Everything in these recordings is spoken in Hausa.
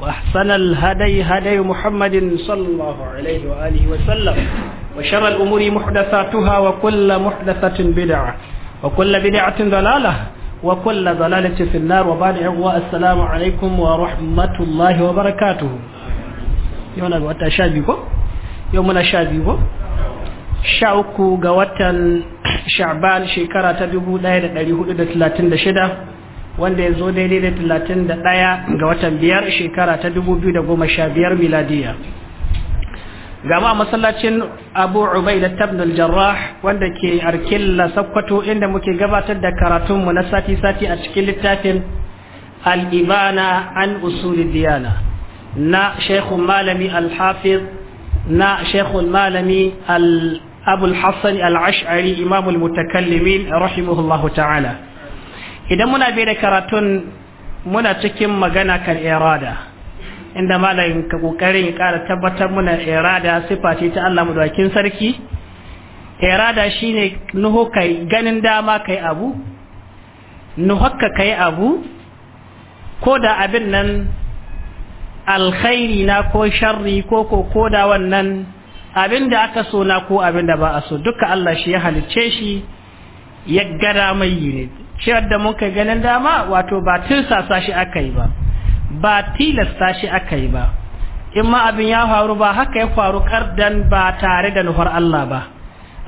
وأحسن الهدي هدي محمد صلى الله عليه وآله وسلم وشر الأمور محدثاتها وكل محدثة بدعة وكل بدعة ضلالة وكل ضلالة في النار وبعد السلام عليكم ورحمة الله وبركاته يوم الوقت شابيكو يوم الشابيكو شاوكو قوة شعبان شكرة تبيبو لا يدى 436 wanda ya zo daidai da talatin da ɗaya ga watan biyar shekara ta dubu biyu da goma sha biyar miladiya gama a masallacin abu ubai da tabnul jarrah wanda ke arkilla sakkwato inda muke gabatar da karatunmu na sati-sati a cikin littafin al'ibana an usuli diyana na shekhun malami alhafiz na shekhun malami abul hassan ash'ari imamul mutakallimin rahimahullahu ta'ala idan muna bai da karatun muna cikin magana kan irada inda malamin ka kokarin ya kara tabbatar muna irada sifa ce ta Allah mudawakin sarki irada shine nuhu kai ganin dama kai abu nuhakka kai abu ko da abin nan alkhairi na ko sharri ko ko da wannan abin da aka so na ko abin da ba a so duka Allah shi ya halicce shi ya gada mai yi ne shirar da muka ganin dama wato ba tilsa shi aka yi ba ba tilasta shi aka yi ba in ma abin ya faru ba haka ya faru kardan ba tare da nufar Allah ba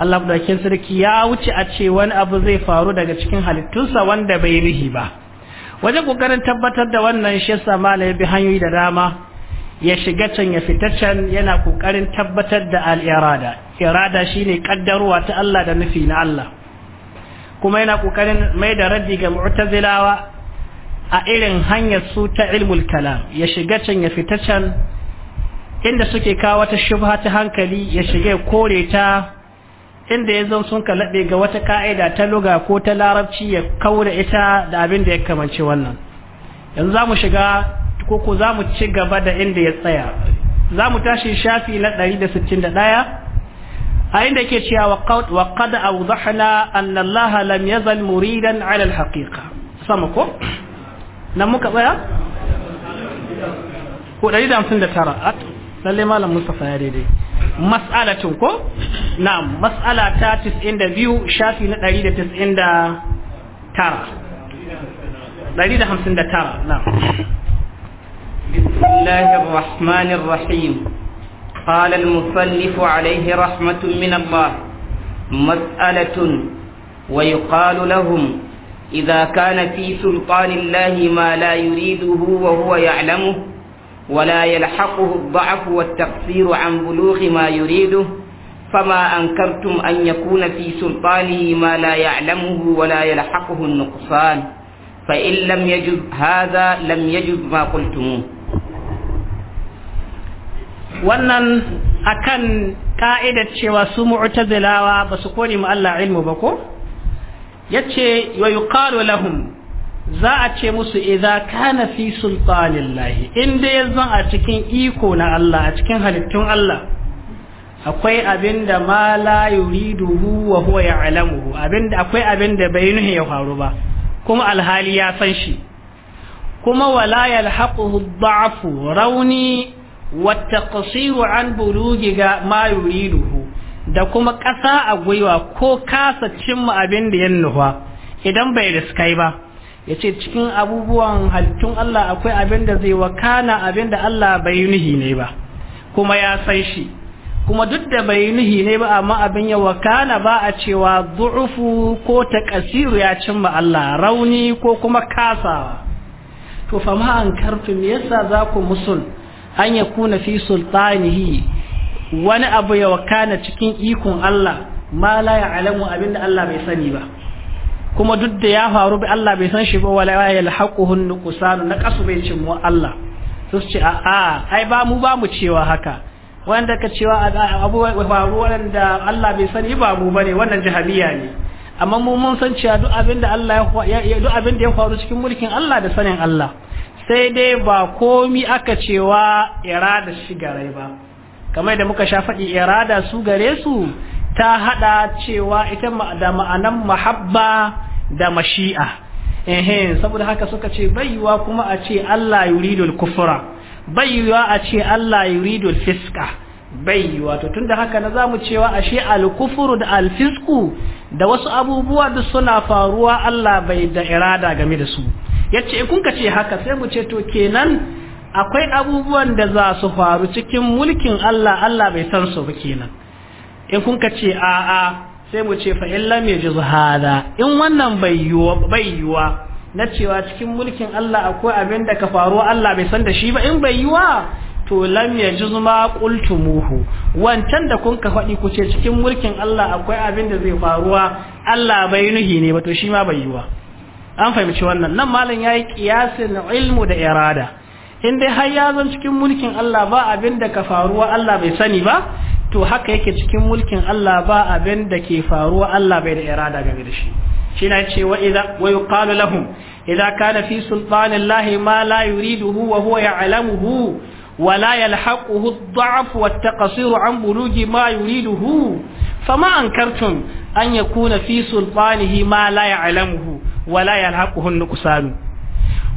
Allah dakin sarki ya wuce a ce wani abu zai faru daga cikin halittunsa wanda bai rihi ba wajen kokarin tabbatar da wannan shi sama malai bi hanyoyi da dama ya shiga can ya fita can yana kokarin tabbatar da al-irada irada shine ƙaddarwa ta Allah da nufi na Allah kuma yana kokarin mai da raddi ga mu'tazilawa a irin hanyar su ta ilmul kalam ya shiga can ya fita can inda suke kawo wata shubha ta hankali ya shiga kore ta inda ya zan sun kalabe ga wata ka'ida ta luga ko ta larabci ya kaura ita da abin da ya kamanci wannan yanzu zamu mu shiga ko ko za ci gaba da inda ya tsaya zamu tashi shafi na 161 a inda ke cewa wa qad awdahna anna Allah lam yazal muridan ala al-haqiqa sama ko nan muka tsaya ko 159 lalle malam Mustafa ya daidai mas'alatin ko mas'ala ta 92 shafi na 199 159 نعم بسم الله الرحمن الرحيم قال المصنف عليه رحمة من الله مسألة ويقال لهم إذا كان في سلطان الله ما لا يريده وهو يعلمه ولا يلحقه الضعف والتقصير عن بلوغ ما يريده فما أنكرتم أن يكون في سلطانه ما لا يعلمه ولا يلحقه النقصان فإن لم يجب هذا لم يجب ما قلتموه wannan akan ka'idar cewa su mu'tazilawa ba su kore mu Allah ilmu ba ko yace wa yuqalu lahum za a ce musu idza kana fi In dai yanzu a cikin iko na Allah a cikin halittun Allah akwai abinda ma la yuriduhu wa huwa ya'lamuhu abinda akwai abinda bai nuhi ya faru ba kuma alhali ya san shi kuma wala yalhaquhu dha'fu rauni والتقصير عن بلوغ ما يريده da kuma ƙasa a gwiwa ko kasa cimma abin da ya nufa idan bai riskai ba yace cikin abubuwan halittun Allah akwai abin da zai wakana abin da Allah bai nuhi ne ba kuma ya san shi kuma duk da bai nuhi ne ba amma abin ya wakana ba a cewa du'ufu ko takasiru ya cimma Allah rauni ko kuma kasa. to fa ma an karfin yasa za ku musul an ya kuna fi sultanihi wani abu ya wakana cikin ikon Allah ma la ya'lamu abinda Allah bai sani ba kuma duk da ya faru bi Allah bai san shi ba wala ya yalhaquhu nuqsan na kasu bai cin mu Allah su ce a a ai ba mu ba mu cewa haka wanda ka cewa abu faru wanda Allah bai sani ba mu bane wannan jahabiya ne amma mu mun san cewa duk abinda Allah ya duk abinda ya faru cikin mulkin Allah da sanin Allah sai dai ba komi aka cewa irada shi gare ba kamar da muka sha faɗi irada su gare su ta hada cewa ita da ma'anan mahabba da mashi'a ehe saboda haka suka ce bayuwa kuma a ce Allah yuridul kufra bayuwa a ce Allah yuridul fiska bayuwa to tunda haka na zamu cewa ashe al da alfisku da wasu abubuwa da suna faruwa Allah bai da irada game da su yace in kun ka ce haka sai mu ce to kenan akwai abubuwan da za su faru cikin mulkin Allah Allah bai san su ba kenan in kun ka ce a a sai mu ce fa in lam yajiz hada in wannan bai yiwa bai yiwa na cewa cikin mulkin Allah akwai abin da ka faru Allah bai san da shi ba in bai yiwa to lam yajuz ma qultumuhu wancan da kun ka faɗi ku ce cikin mulkin Allah akwai abin da zai faruwa Allah bai nuhi ne ba to shi ma bai yiwa an fahimci wannan nan malam yi qiyasin ilmu da irada in dai har ya zan cikin mulkin Allah ba abin da ka faruwa Allah bai sani ba to haka yake cikin mulkin Allah ba abin da ke faruwa Allah bai da irada game da shi shi na ce wa idza wa yuqalu lahum idza kana fi sultanillahi ma la yuriduhu wa huwa ya'lamuhu wa la yalhaquhu ad-da'f wa ta kasiru 'an buluji ma hu fa ma an kuna fi sultanihi ma la ya'lamuhu wala yalhaquhun nuqsan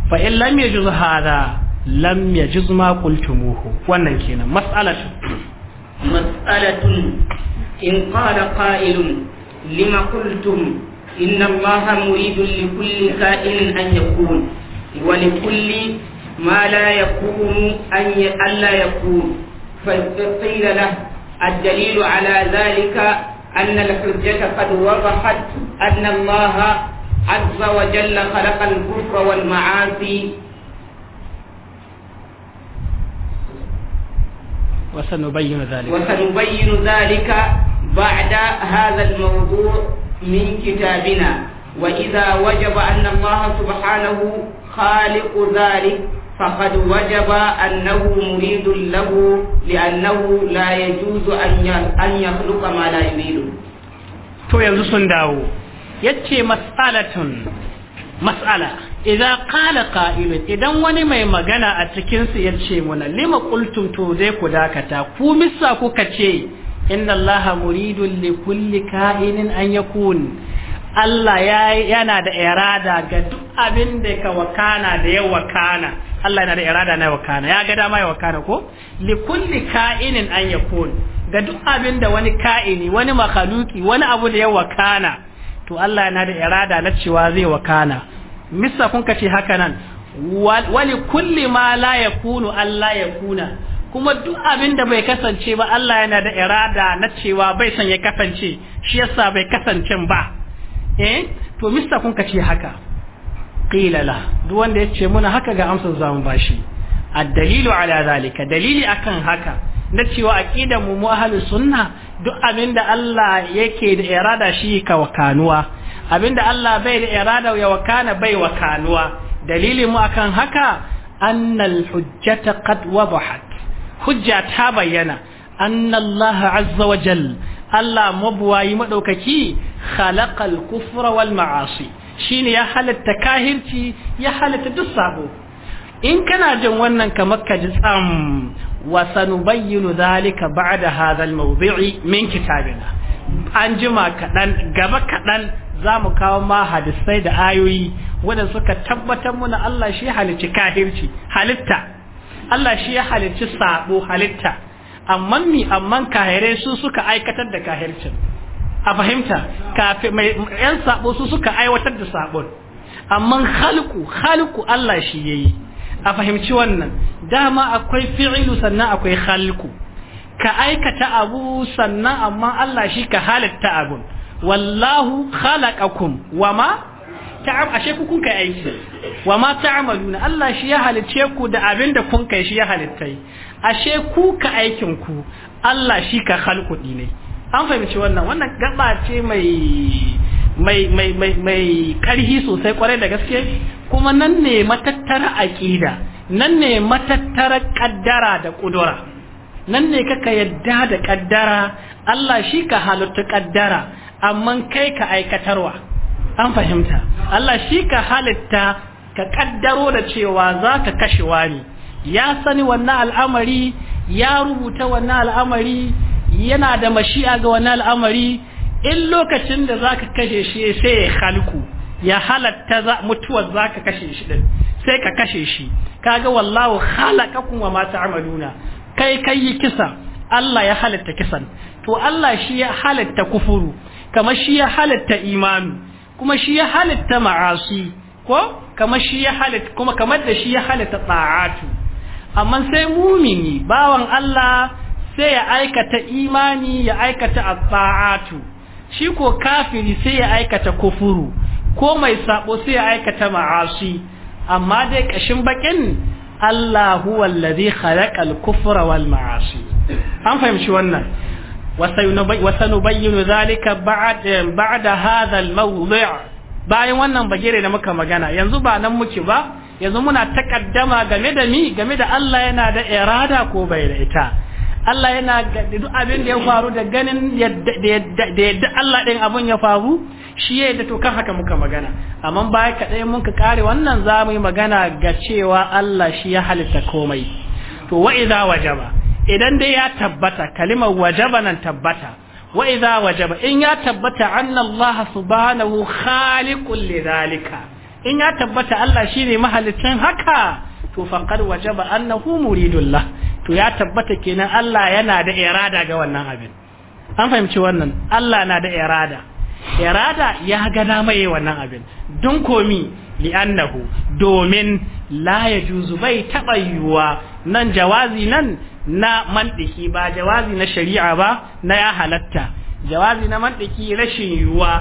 fa in lam yajuz hadha lam yajuz ma qultumuhu wannan kenan mas'alatu mas'alatun in qala qa'ilun lima qultum inna allaha muridun likulli ka'in an yakun ما لا يكون أن ألا يكون فقيل له الدليل على ذلك أن الحجة قد وضحت أن الله عز وجل خلق الكفر والمعاصي وسنبين ذلك وسنبين ذلك بعد هذا الموضوع من كتابنا وإذا وجب أن الله سبحانه خالق ذلك فقد وجب أنه مريد له لأنه لا يجوز أن يخلق ما لا يريد تو يلزم داو yace mas'alatun mas'ala Idan kala qa'ilun idan wani mai magana a cikin su yace muna lima qultum to dai ku dakata ku misa kuka ce inna allaha muridun li kulli ka'inin an yakun Allah yana da irada ga duk abin da ka wakana da ya wakana Allah yana da irada na wakana ya ga dama ya wakana ko li kulli ka'inin an yakun ga duk abin da wani ka'ini wani makhluki wani abu da ya wakana to Allah yana da irada na cewa zai wakana misa kun kace haka nan wani kulli ma la kunu Allah kuna, kuma duk abin da bai kasance ba Allah yana da irada na cewa bai san ya kasance shi yasa bai kasance ba eh to mista kun kace haka qila la duk wanda yace muna haka ga amsar zamu bashi ad-dalilu ala zalika dalili akan haka na cewa aqida mu mu ahlus sunna duk abinda Allah yake da irada shi ka wakanuwa abinda Allah bai da irada ya wakana bai wakanuwa dalilin mu akan haka annal hujjata qad wadahat hujja ta bayyana annallah Allah azza wa jal Allah mabuwayi madaukaki khalaqal kufra wal ma'asi shine ya halatta kahirci ya halatta duk sabo in kana jin wannan kamar ka ji tsam wa sanubayyinu dhalika ba'da hadha al-mawdi'i min kitabina an jima kaɗan gaba kaɗan za mu kawo ma hadisai da ayoyi wanda suka tabbatar muna Allah shi halicci kahirci halitta Allah shi ya halicci sabo halitta amma mi amma kahire su suka aikatar da kahircin a fahimta kafin mai yan sabo su suka aiwatar da sabon amma khalqu khalqu Allah shi yayi a fahimci wannan dama akwai fi'ilu sannan akwai halku ka aikata abu sannan amma Allah shi ka halitta abun wallahu khalaqakum wama ta'am ashe ku kun kai aiki wama ta'maluna Allah shi ya halice ku da abin da kun kai shi ya halittai ashe ku ka aikin ku Allah shi ka halku ne an fahimci wannan wannan gaba ce mai mai mai mai mai karhi sosai kwarai da gaske kuma nan ne matattara aqida nan ne matattara kaddara da kudura nan ne kaka yadda da kaddara Allah shi ka halitta kaddara amma kai ka aikatarwa an fahimta Allah shi ka halitta ka kaddaro da cewa za ka kashe wani ya sani wannan al'amari ya rubuta wannan al'amari yana da mashi'a ga wani al'amari in lokacin da zaka kashe shi sai ya halku ya halatta mutuwar ka kashe shi din sai ka kashe shi kaga wallahu khalaqakum wa masu ta'maluna kai kai kisa Allah ya halatta kisan to Allah shi ya halatta kufuru kama shi ya halatta imani kuma shi ya halatta ma'asi ko kamar shi ya halatta kuma kamar da shi ya halatta ta'atu amma sai mumini bawan Allah sai ya aikata imani ya aikata abba'atu shi ko kafiri sai ya aikata kufuru ko mai sabo sai ya aikata ma'asi amma dai kashin bakin Allah huwa allazi khalaqal kufra wal ma'asi an fahimci wannan وسنبين ذلك بعد بعد هذا الموضع bayan wannan bagire da muka magana yanzu ba nan muke ba yanzu muna takaddama game da mi game da Allah yana da irada ko bai da ita Allah yana da duk abin da ya faru da ganin da yadda Allah ɗin abin ya faru shi ya yadda to kan haka muka magana amma baya kaɗai mun ka kare wannan za mu yi magana ga cewa Allah shi ya halitta komai to wa idza wajaba idan dai ya tabbata kalimar wajaba nan tabbata wa idza wajaba in ya tabbata anna Allah subhanahu khaliqul lidhalika in ya tabbata Allah shine mahalicin haka to ba an annahu muridullah to ya tabbata kenan Allah yana da irada ga wannan abin an fahimci wannan Allah na da irada irada ya ga damaye wannan abin don komi li'annahu domin la juzu bai taɓa yiwuwa nan jawazi nan na mantiki ba jawazi na shari'a ba na ya halatta jawazi na mantiki rashin yiwuwa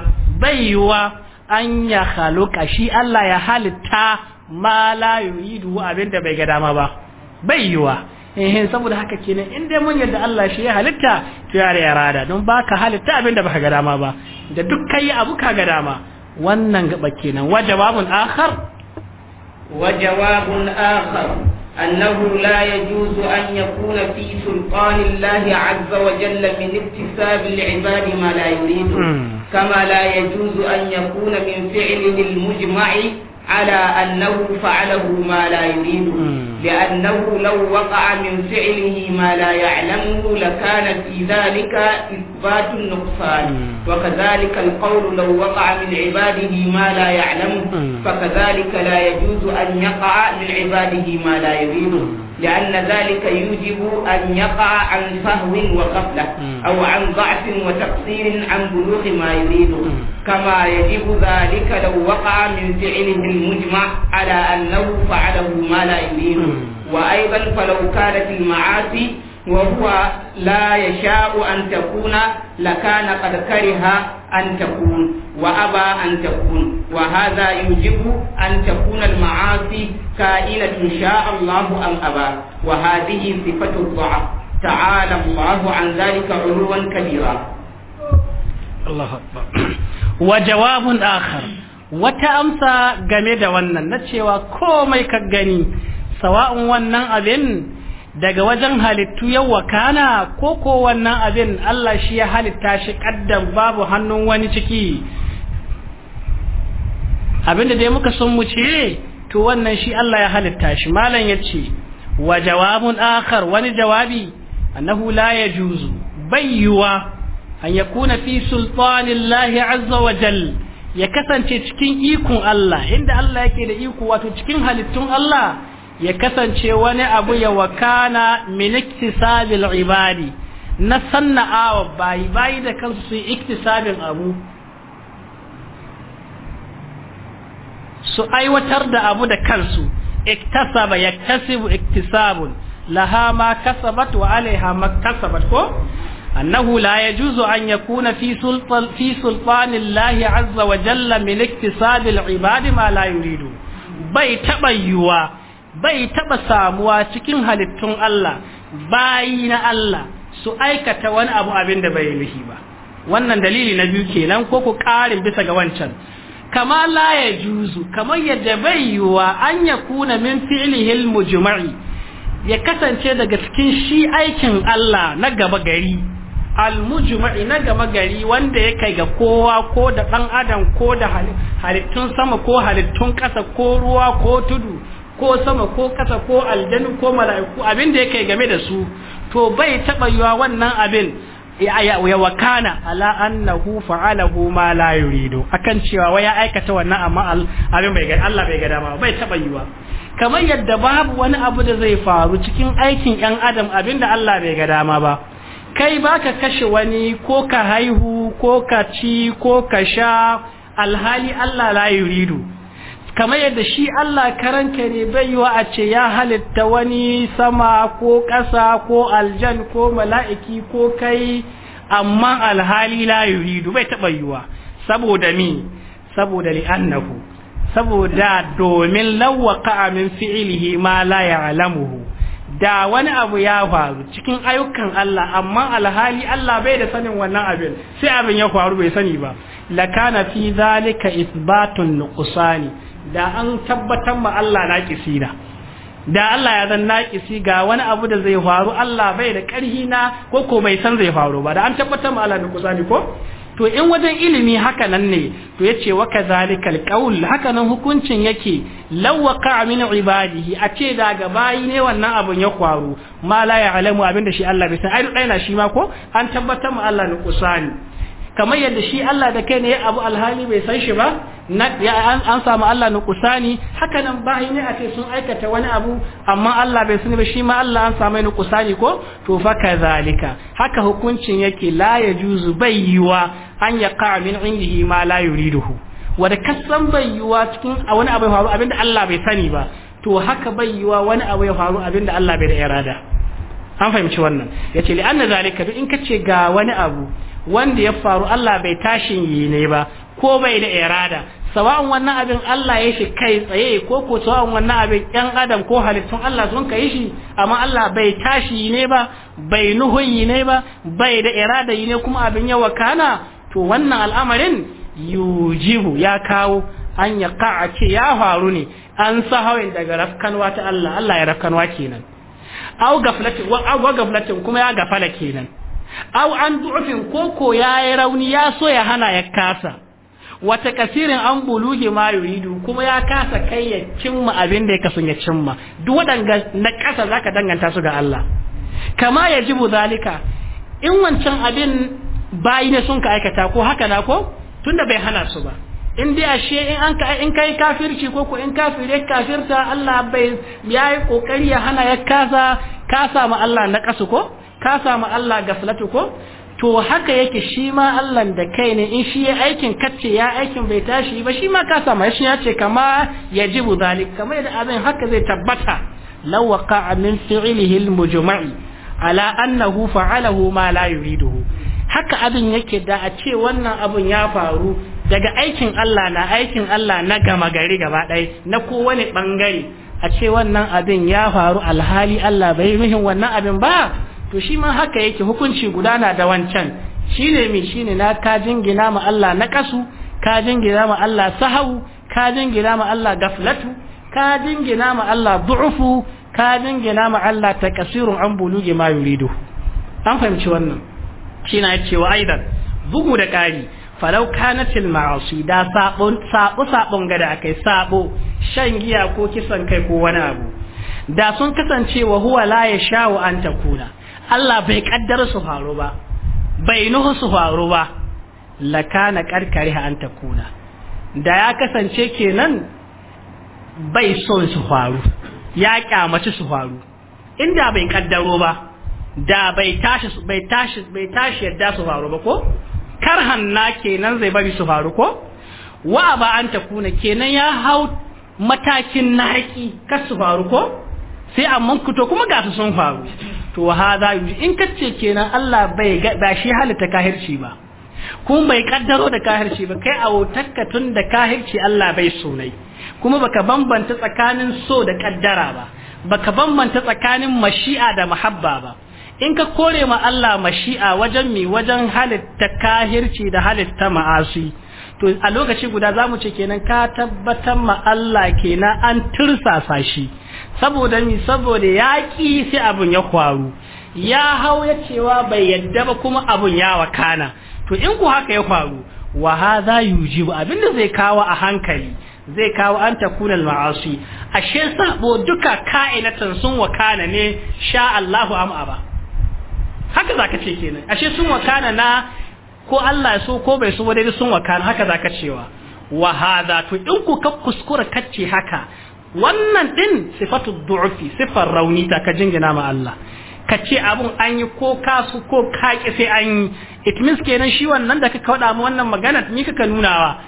bai yiwuwa an ya haluka shi Allah ya halitta ma la yuridu abinda bai ga dama ba bai yiwa eh saboda haka kenan in dai mun yadda Allah shi ya halitta to ya rada don baka halitta abinda baka ga dama ba da duk kai abu ka ga dama wannan gaba kenan wa jawabun akhar wa jawabun akhar أنه لا يجوز أن يكون في سلطان الله عز وجل من اكتساب العباد ما لا يريد كما لا يجوز أن يكون من المجمع على أنه فعله ما لا يريده لأنه لو وقع من فعله ما لا يعلمه لكان في ذلك إثبات النقصان وكذلك القول لو وقع من عباده ما لا يعلمه فكذلك لا يجوز أن يقع من عباده ما لا يريده لأن ذلك يوجب أن يقع عن فهو وغفلة أو عن ضعف وتقصير عن بلوغ ما يريده كما يجب ذلك لو وقع من فعله المجمع على أنه فعله ما لا يريده وأيضا فلو كانت المعاصي وهو لا يشاء أن تكون لكان قد كره أن تكون وأبى أن تكون وهذا يوجب أن تكون المعاصي كائنة شاء الله أم أبى وهذه صفة الضعف تعالى الله عن ذلك علوا كبيرا الله أكبر وجواب آخر wata amsa game da wannan na cewa komai ka gani sawa'un wannan abin daga wajen halittu yau wakana ko ko wannan abin Allah shi ya halitta shi kaddan babu hannun wani ciki abinda dai muka sun mu ce to wannan shi Allah ya halitta shi malam yace wa jawabun akhar wani jawabi annahu la yajuzu bayyuwa an yakuna fi sultanillahi azza wa jal ya kasance cikin ikon Allah inda Allah yake da iko wato cikin halittun Allah ya kasance wani abu ya wakana min iktisabil ibadi na awa bayi bayi da kansu su yi iktisabin abu su aiwatar da abu da kansu iktasaba kasibu iktisabun laha ma kasabat wa alaiha ma kasabat ko annahu la yajuzu an yakuna fi sultan fi sultanillahi azza wa jalla min iktisabil ibadi ma la yuridu bai tabayyuwa bai taba samuwa cikin halittun Allah bayi na Allah su aikata wani abu abin da bai yi ba wannan dalili na biyu kenan ko ku karin bisa ga wancan kama la ya juzu kamar yadda bai yiwa an ya kuna min fi'lihil mujma'i ya kasance daga cikin shi aikin Allah na gaba gari al almujma'i na gaba gari wanda ya kai ga kowa ko da ɗan adam ko da halittun sama ko halittun ƙasa ko ruwa ko tudu ko sama ko kasa ko aljanu ko mala'iku abin da yake game da su to bai taba yiwa wannan abin ya wakana ala annahu fa'alahu ma la yuridu akan cewa waya aikata wannan amma abin bai ga Allah bai ga dama bai taba yiwa kamar yadda babu wani abu da zai faru cikin aikin yan adam abin da Allah bai ga dama ba kai baka kashe wani ko ka haihu ko ka ci ko ka sha alhali Allah la yuridu kamar yadda shi Allah karanka ne bai yi wa a ce ya halitta wani sama ko ƙasa ko aljan ko mala'iki ko kai amma alhali la yuridu bai taɓa yiwa saboda mi saboda li'annahu saboda domin lawwaka min fi'ilihi ma la alamuhu da wani abu ya faru cikin ayyukan Allah amma alhali Allah bai da sanin wannan abin sai abin ya faru bai sani ba lakana fi zalika isbatun nuqsani da an tabbatar ma Allah naƙisi na da Allah ya zan naƙisi ga wani abu da zai faru Allah bai da ƙarhi na ko ko bai san zai faru ba da an tabbatar ma Allah da kusani ko to in wajen ilimi haka nan ne to yace wa kazalikal qaul haka nan hukuncin yake law waqa min ibadihi a ce da ga bayi ne wannan abun ya faru ma la ya'lamu abinda shi Allah bai san ai dai na shi ma ko an tabbatar ma Allah da kusani kamar yadda shi Allah da kai ne ya abu alhali bai san shi ba an samu Allah na kusani haka nan bayi ne a ce sun aikata wani abu amma Allah bai sani ba shi ma Allah an samu na kusani ko to fa kazalika haka hukuncin yake la yajuzu bai yiwa an yaqa min indihi ma la yuriduhu wanda kasan bai yiwa cikin wani abu faru abinda Allah bai sani ba to haka bai yiwa wani abu ya faru abinda Allah bai da irada an fahimci wannan yace li anna zalika duk in kace ga wani abu wanda ya faru Allah bai tashin yi ne ba ko bai da irada sawa'un wannan abin Allah ya shi kai tsaye ko ko sawa'un wannan abin ƴan adam ko halittun Allah sun kai shi amma Allah bai tashi ne ba bai nuhun ne ba bai da irada ne kuma abin ya wakana to wannan al'amarin yujibu ya kawo an ya ka'a ce ya faru ne an sa sahawin daga rafkanwa ta Allah Allah ya rafkanwa kenan au gaflatin kuma ya gafala kenan aw an du'ufin ko ko yayi rauni ya so ya hana ya kasa wata kasirin an buluge ma yuridu kuma ya kasa kai ya cimma abin da ya kasu ya cimma duk wadanga na kasa zaka danganta su ga Allah kama yajibu zalika in wancan abin bayi ne sun ka aikata ko haka na ko tunda bai hana su ba in dai ashe in an ka in kai kafirci ko ko in kafire kafirta Allah bai yayi kokari ya hana ya kasa kasa ma Allah na kasu ko ka samu Allah gaslatu ko to haka yake shi ma Allah da kai ne in shi ya aikin kacce ya aikin bai tashi ba shi ma ka samu shi ya ce kama yajibu zalik kamar da abin haka zai tabbata law waqa'a min fi'lihi al-mujma'i ala annahu fa'alahu ma la yuriduhu haka abin yake da a ce wannan abin ya faru daga aikin Allah na aikin Allah na gama gari gaba ɗaya na kowane bangare a ce wannan abin ya faru alhali Allah bai mihin wannan abin ba to shi ma haka yake hukunci gudana da wancan shi ne mi ne na ka jingina ma Allah na kasu ka jingina ma Allah sahau ka jingina ma Allah gaflatu ka jingina ma Allah du'ufu ka jingina ma Allah takasirun an buluge ma yuridu an fahimci wannan shi na yace wa aidan bugu da kari falau kanatil ma'asi da sabo sabo sabon gada akai sabo shan giya ko kisan kai ko wani abu da sun kasance wa huwa la yasha an takuna Allah bai kaddar su faru ba bai nuhu su faru ba lakana karkari an takuna da ya kasance kenan bai son su faru ya kyamaci su faru inda bai kaddaro ba da bai tashi bai tashi bai tashi yadda su faru ba ko karhan na kenan zai bari su faru ko wa ba an takuna kenan ya hau matakin naki kar su faru ko sai amma ku to kuma gasu sun faru to hada in kace kenan Allah bai ba shi halitta kahirci ba kuma bai kaddaro da kahirci ba kai a autakka tun da kahirci Allah bai sunai kuma baka bambanta tsakanin so da kaddara ba baka bambanta tsakanin mashi'a da mahabba ba in ka kore ma Allah mashi'a wajen mi wajen halitta kahirci da halitta ma'asi to a lokaci guda zamu ce kenan ka tabbatar ma Allah kenan an tursasa shi saboda mi saboda ya ƙi sai abun ya kwaru ya hau ya cewa bai yadda ba kuma abun ya wakana to in ku haka ya kwaru wa hadha yujibu abinda zai kawo a hankali zai kawo an takunal ma'asi ashe sabo duka ka'inatan sun wakana ne sha Allahu am aba haka zaka ce kenan ashe sun wakana na ko Allah ya so ko bai so wadai sun wakana haka zaka cewa wa hadha to in ku ka kuskura kacce haka wannan din sifatu du'ufi sifar rauni ta ka jingina ma Allah ka ce abun an yi ko kasu ko kaki sai an yi it means kenan shi wannan da kaka faɗa wannan magana ni kaka nunawa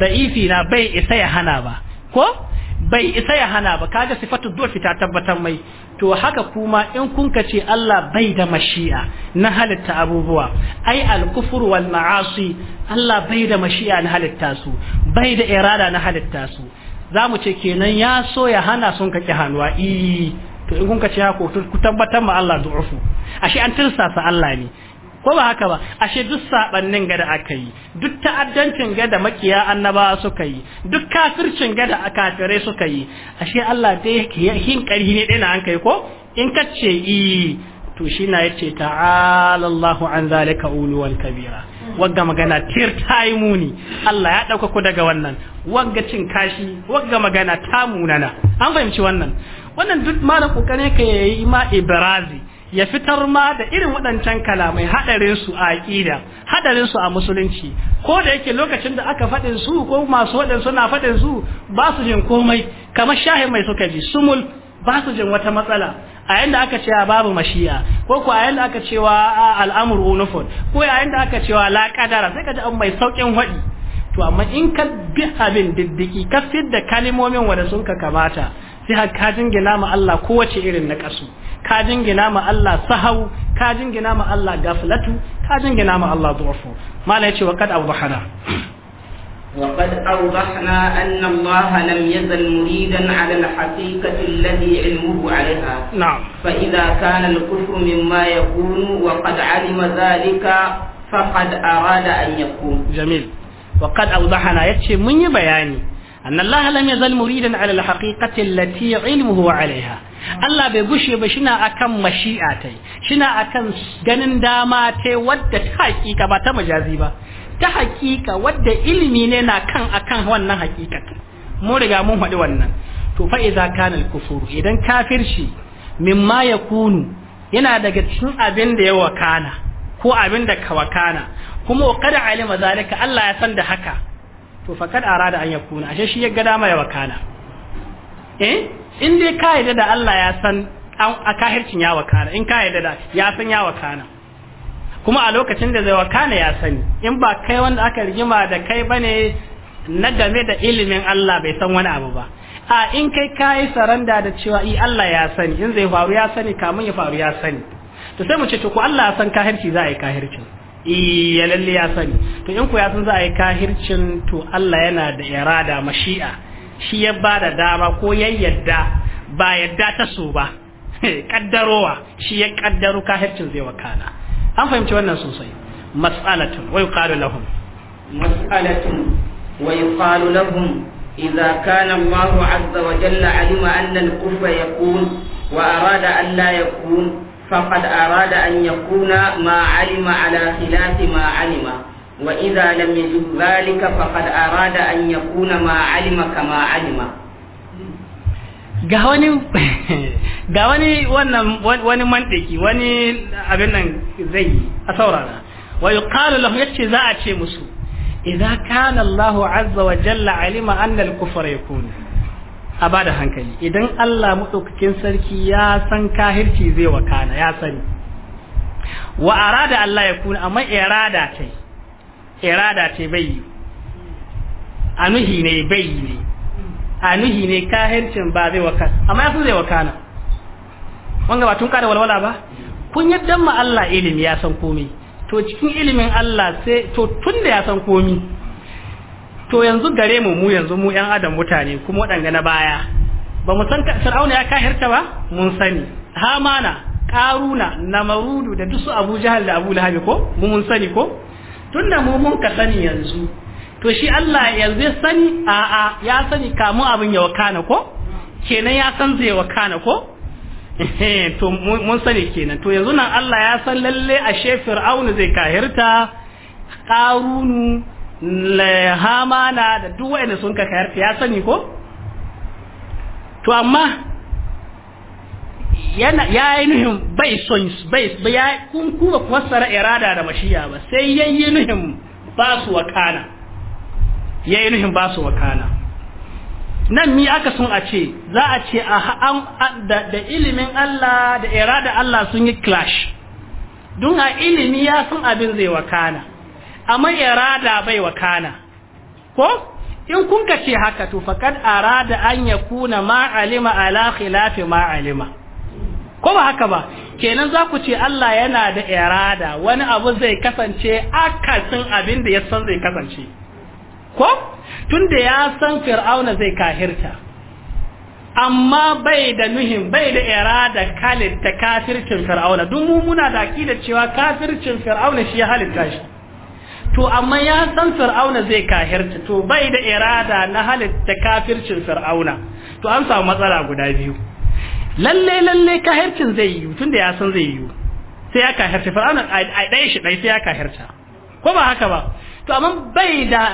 da ifi na bai isa ya hana ba ko bai isa ya hana ba kaga sifatu du'ufi ta tabbatar mai to haka kuma in kun ka ce Allah bai da mashi'a na halitta abubuwa ai al-kufr wal ma'asi Allah bai da mashi'a na halitta su bai da irada na halitta su za mu ce kenan ya so ya hana sun kaki hannuwa i e, to in kun ka ce haka ku tabbatar ma Allah ufu ashe an sa Allah ne ko ba haka ba ashe duk sabannin gada aka yi duk ta'addancin gada makiya annaba suka yi duk kafircin gada kafirai suka yi ashe Allah dai yin ƙarhi ne dai na an kai ko in ka ce ii, e, to shi na yace ta'ala Allahu an zalika uluwan kabira wagga magana tir tayi muni Allah ya dauka ku daga wannan wagga cin kashi wagga magana ta munana an fahimci wannan wannan duk malam kokare ka yayi ma ibrazi ya fitar ma da irin waɗancan kalamai haɗarin su a aƙida haɗarin su a musulunci ko da yake lokacin da aka faɗin su ko masu waɗansu na faɗin su ba su jin komai kamar shahin mai suka ji sumul ba su jin wata matsala a yanda aka cewa babu mashiya ko ko a yanda aka cewa al'amur unufod ko a yanda aka cewa la kadara sai ka ji abu mai saukin hadi to amma in ka bi abin diddiki ka fit da kalimomin wanda sun ka kamata sai ka jingina ma Allah kowace irin na kasu ka jingina ma Allah sahau ka jingina ma Allah gaflatu ka jingina ma Allah du'afu mala yace wa kada abu hana وقد أوضحنا أن الله لم يزل مريدا على الحقيقة الذي علمه عليها نعم فإذا كان الكفر مما يكون وقد علم ذلك فقد أراد أن يكون جميل وقد أوضحنا يتشي من بياني أن الله لم يزل مريدا على الحقيقة التي علمه عليها Allah bai gushe ba shina akan mashi'a tai shina akan ganin dama tai wadda ta hakika ba ta majazi ba ta hakika wadda ilimi ne na kan akan wannan hakika mu riga mun faɗi wannan to fa iza kana al-kufur idan kafirci mimma yakunu yana daga cikin abin da ya wakana ko abin da ka wakana kuma qad alima zalika Allah ya san da haka to fa kad arada an yakuna ashe shi ya ga dama ya wakana eh in dai ka yadda da Allah ya san a kahircin ya wakana in ka yadda da ya san ya wakana kuma a lokacin da zai wakana ya sani in ba kai wanda aka rigima da kai bane na game da ilimin Allah bai san wani abu ba a in kai kayi saranda da cewa i Allah ya sani in zai faru ya sani kamun ya faru ya sani to sai mu ce to ko Allah ya san kahirci za a yi kahircin i ya lalle ya sani to in ku ya san za a yi kahircin to Allah yana da irada mashi'a shi ya ba da dama ko ya yadda ba yadda ta so ba kaddarowa shi ya kaddaro kahircin zai wakana an fahimci wannan sosai mas'alatun wai yuqalu lahum mas'alatun wa yuqalu lahum idza kana Allah azza wa jalla alima anna al-kufra yakun wa arada an la yakun faqad arada an yakuna ma alima ala khilafi ma alima wa وإذا لم يجد ذلك فقد أراد أن يكون ma علم كما alima. ga wani ga wani wannan wani mantiki wani abin nan zai a saurara wa yuqalu lahu yace za a ce musu idza kana Allahu azza wa jalla alima anna al-kufra yakun a bada hankali idan Allah madaukakin sarki ya san kahirci zai wakana ya sani wa arada Allah ya kuna amma irada ce irada ce bai anuhi ne bai ne a nuhi ne kahircin ba zai waka amma ya sun zai na wanga ba tun kada walwala ba kun yadda ma Allah ilimi ya san komai to cikin ilimin Allah sai to tun da ya san komai to yanzu gare mu mu yanzu mu yan adam mutane kuma wadanga na baya ba mu san fir'auna ya kahirta ba mun sani hamana karuna Marudu da dusu abu jahal da abu lahabi ko mun sani ko tunda mu mun ka sani yanzu to shi Allah yanzu ya sani a'a ya sani kamu abin ya wakana ko kenan ya san zai wakana ko to mun sani kenan to yanzu nan Allah ya san lalle ashe fir'aunu zai kahirta qarunu hamana da duk wanda sun ka kahirta ya sani ko to amma yana ya yi nuhin bai son bai ya kun kuma fassara irada da mashiya ba sai yayi nuhin ba su wakana ya yi nufin ba su wakana nan mi aka sun a ce za a ce da ilimin Allah da irada Allah sun yi clash don a ilimi ya sun abin zai wakana amma irada bai wakana ko in kun ka ce haka to faqad arada an ya kuna ma'alima ala khilafi ma'alima ko ba haka ba kenan za ku ce Allah yana da irada wani abu zai kasance akasin abin da ya san zai kasance ko tunda ya san fir'auna zai kahirta amma bai da nuhin bai da irada ta kafircin fir'auna duk mu muna da cewa kafircin fir'auna shi ya halitta shi to amma ya san fir'auna zai kahirta to bai da irada na halitta kafircin fir'auna to an samu matsala guda biyu lalle lalle kahircin zai yi tunda ya san zai yi sai ya kahirta fir'auna a ɗaya shi ɗaya sai ya kahirta ko ba haka ba to amma bai da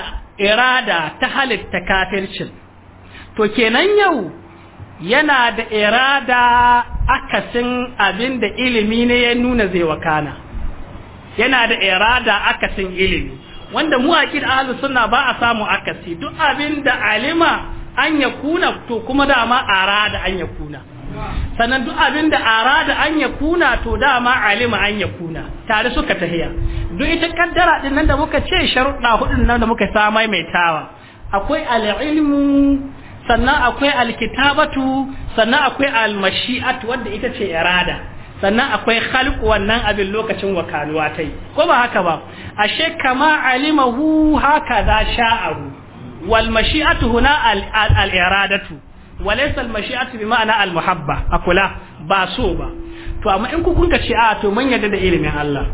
irada ta halitta kafircin to kenan yau yana da irada akasin abin da ilimi ne ya nuna zai wakana yana da irada akasin ilimi wanda mu aqid ahlus sunna ba a samu akasi duk abin da alima an yakuna to kuma dama arada an yakuna sannan duk abin da arada an ya kuna to dama alima an ya kuna tare suka tahiya duk ita kaddara din nan da muka ce sharuɗa hudun nan da muka sa tawa akwai al'ilmu sannan akwai alkitabatu sannan akwai almashi'at wanda ita ce irada sannan akwai khalq wannan abin lokacin wakaluwa tai ko ba haka ba ashe kama alimahu haka za sha'ahu wal mashi'atu huna al-iradatu al walaysa al-mashi'atu bi ma'ana al-muhabba akula ba so ba to amma in ku kun ka ce a to mun yarda da ilimin Allah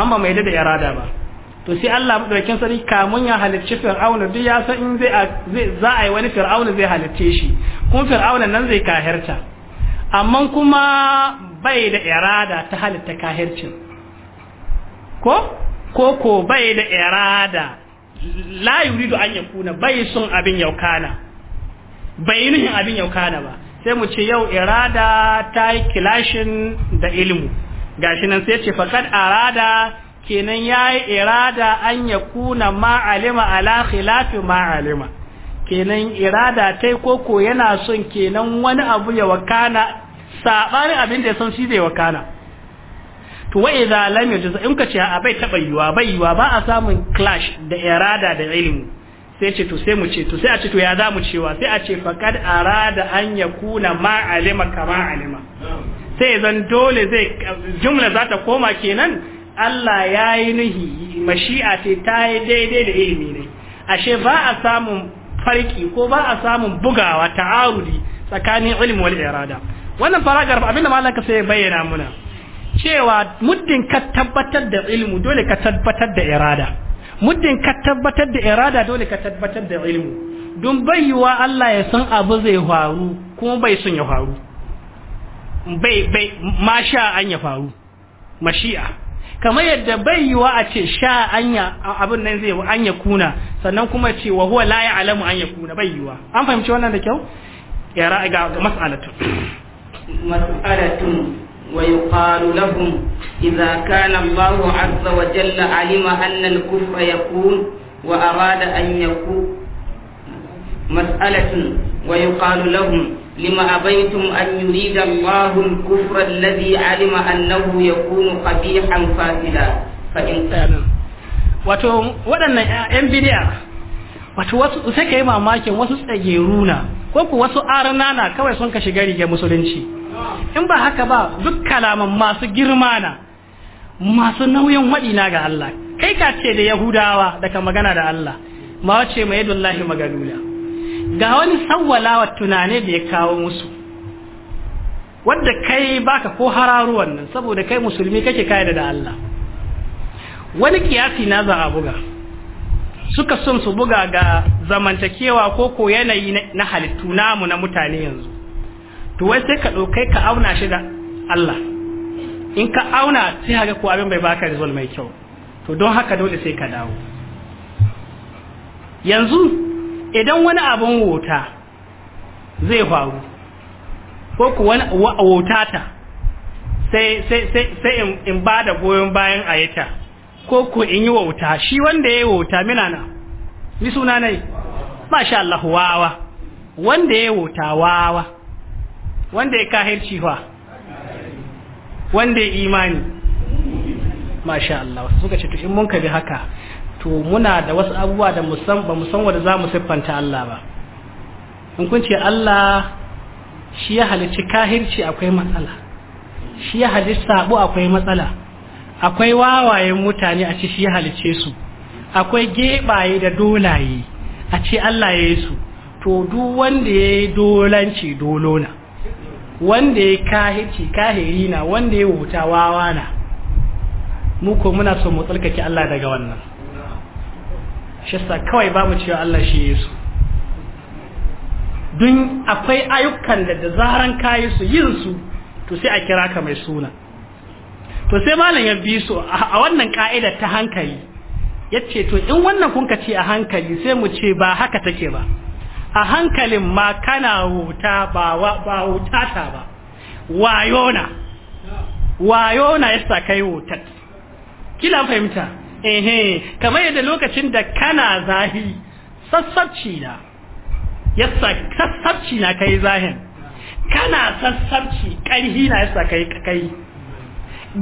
amma mai yarda da irada ba to sai Allah madaukakin sani kamun ya halicci fir'auna duk ya san in zai za a yi wani fir'auna zai halicce shi kuma fir'auna nan zai kahirta amma kuma bai da irada ta halitta kahircin ko ko ko bai da irada la yuridu an yakuna bai sun abin yaukana bai yi nuhin abin yau kana ba sai mu ce yau irada ta yi kilashin da ilimu gashi nan sai ce fakat arada kenan ya yi irada an ya kuna ma'alima ala khilafi ma'alima kenan irada ta yi koko yana son kenan wani abu ya wakana saɓanin abin da ya san shi zai wakana to wa idza lam yajuz in ka ce a bai taba yiwa bai yiwa ba a samun clash da irada da ilimi sai ce to sai mu ce to sai a ce to ya za mu cewa sai a ce faqad arada an yakuna ma alima kama alima sai zan dole zai jumla za ta koma kenan Allah ya yi nuhi mashi'a ce ta yi daidai da ilimi ne ashe ba a samun farki ko ba a samun bugawa ta'arudi tsakanin ilimi wal irada wannan faragar abin da malaka sai bayyana muna cewa muddin ka tabbatar da ilimi dole ka tabbatar da irada muddin ka tabbatar da irada dole ka tabbatar da ilmu don wa Allah ya san abu zai faru kuma bai son ya faru bai bai ma sha an ya faru mashi'a kamar yadda wa a ce sha anya abin nan zai an ya kuna sannan kuma ce wa huwa la ya'lamu an ya kuna wa an fahimci wannan da kyau ya ga mas'alatu mas'alatun ويقال لهم إذا كان الله عز وجل علم أن الكفر يكون وأراد أن يكون مسألة ويقال لهم لما أبيتم أن يريد الله الكفر الذي علم أنه يكون قبيحا فاسدا فإن كان wato waɗannan 'yan bidiya wato wasu sai ka yi mamakin wasu tsageruna ko ku wasu arna na kawai sun ka shiga rigar musulunci in ba haka ba duk kalaman masu girma na masu nauyin na ga Allah kai ka ce da yahudawa daga magana da Allah ma wace mai yadullahi magalula ga wani sauwalawa tunane da ya kawo musu wadda kai baka ko hararuwan nan saboda kai musulmi kake kai da Allah wani kiyasi na za a buga suka son su buga ga zamantakewa ko ko yanayi na halittu namu na mutane yanzu to wai sai ka ɗaukai ka auna shi da Allah in ka auna sai haka ko abin bai baka rizal mai kyau to don haka dole sai ka dawo yanzu idan wani abin wuta zai faru ko ku wani wutata sai sai sai sai in ba da goyon bayan ayata ko ku in yi wauta shi wanda ya yi wauta mina na ni suna ne? masha Allah wawa wanda ya yi wauta wawa wanda ya kahirci fa wanda ya imani masha Allah suka ce to in mun ka bi haka to muna da wasu abubuwa da musan ba musan wanda za mu siffanta Allah ba in kun ce Allah shi ya halicci kahirci akwai matsala shi ya halicci sabo akwai matsala akwai wawayen mutane a ce shi ya halicce su akwai gebaye da dolaye a ce Allah ya yi su to duk wanda ya yi dolanci dolona wanda ya kahici kahiri na wanda ya wuta wawa na mu muna so mu tsarkake Allah daga wannan shasta kawai ba mu cewa Allah shi Yesu don akwai ayyukan da da zaran kayi su yin su to sai a kira ka mai suna to sai malam ya bi su a wannan ka'idar ta hankali yace to in wannan kun a hankali sai mu ce ba haka take ba a hankalin ma kana wuta ba wuta ta ba Wayo na yasa kai wutar kila fahimta ehe kamar yadda lokacin da kana zahi sassarci na yasa sassarci na kai zahin kana sassarci karhi na yasa kai kai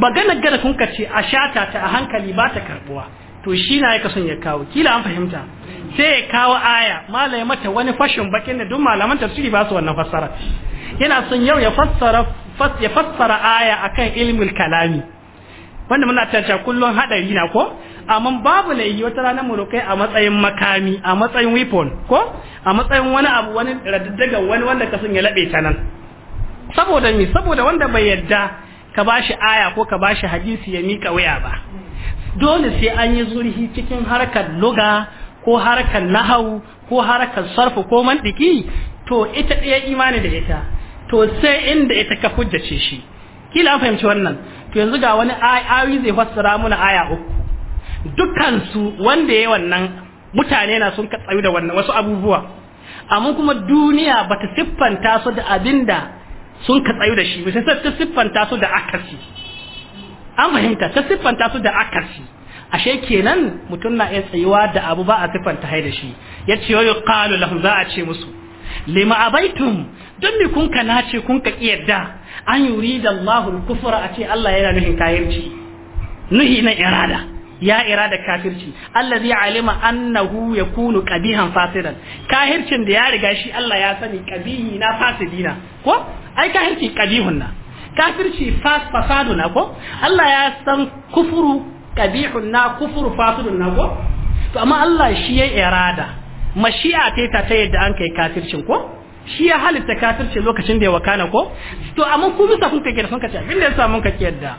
magana gara kun kace ce a shata ta a hankali ba ta karbuwa to shi na ya kasan ya kawo kila an fahimta sai ya kawo aya malai mata wani fashin bakin da duk malaman tafsiri ba su wannan fassara yana son yau ya fassara ya fassara aya akan ilmul kalami wanda muna tantance kullun hadari na ko amma babu yi wata ranar murukai a matsayin makami a matsayin weapon ko a matsayin wani abu wani radaddaga wani wanda kasan ya labe ta nan saboda mi saboda wanda bai yadda ka ba shi aya ko ka bashi hadisi ya mika waya ba dole sai an yi zurhi cikin harkar luga ko harkar nahau ko harkar sarfu ko mantiki to ita ɗaya imani da ita to sai inda ita ka hujjace shi kila an fahimci wannan to yanzu ga wani ayoyi zai fassara muna aya uku dukansu wanda ya wannan mutane na sun ka tsayu da wannan wasu abubuwa amma kuma duniya bata siffanta su da abinda sun ka tsayu da shi ba sai ta siffanta su da akasi an fahimta ta siffanta su da akasi ashe kenan mutum na iya tsayuwa da abu ba a siffanta haida shi ya ce yau kalu lahum za a ce musu lima abaitum don me kun ka nace kun ka kiyarda an yuri da Allahu kufura a ce Allah yana nuhin kafirci nuhi na irada ya irada kafirci allazi alima annahu yakunu qabihan fasidan kafircin da ya riga shi Allah ya sani qabihi na fasidina ko ai kafirci qabihun na kafirci fasadu na ko Allah ya san kufuru kabihun na kufuru fasadu na ko to amma Allah shi ya irada mashi'a ta ta yadda an kai kafircin ko shi ya halitta kafirci lokacin da ya wakana ko to amma ku bisa kun kake sun kace abin da yasa mun kake yadda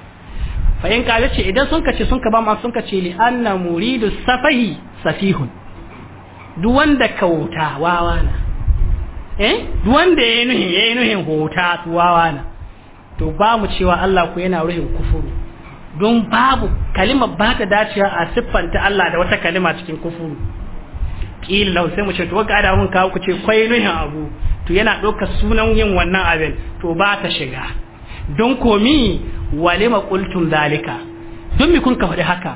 fa in kaje ce idan sun kace sun ka ba ma sun kace li anna muridu safahi safihun duk wanda kauta wawa na eh duk wanda yayin yayin hota wawa na to ba mu cewa Allah ku yana ruhin kufuru don babu kalima ba ta dacewa a siffanta Allah da wata kalima cikin kufuru kila lau sai mu ce to ga da mun kawo ku ce kwai ruhin abu to yana ɗaukar sunan yin wannan abin to ba ta shiga don komi walima qultum zalika don mi kun ka faɗi haka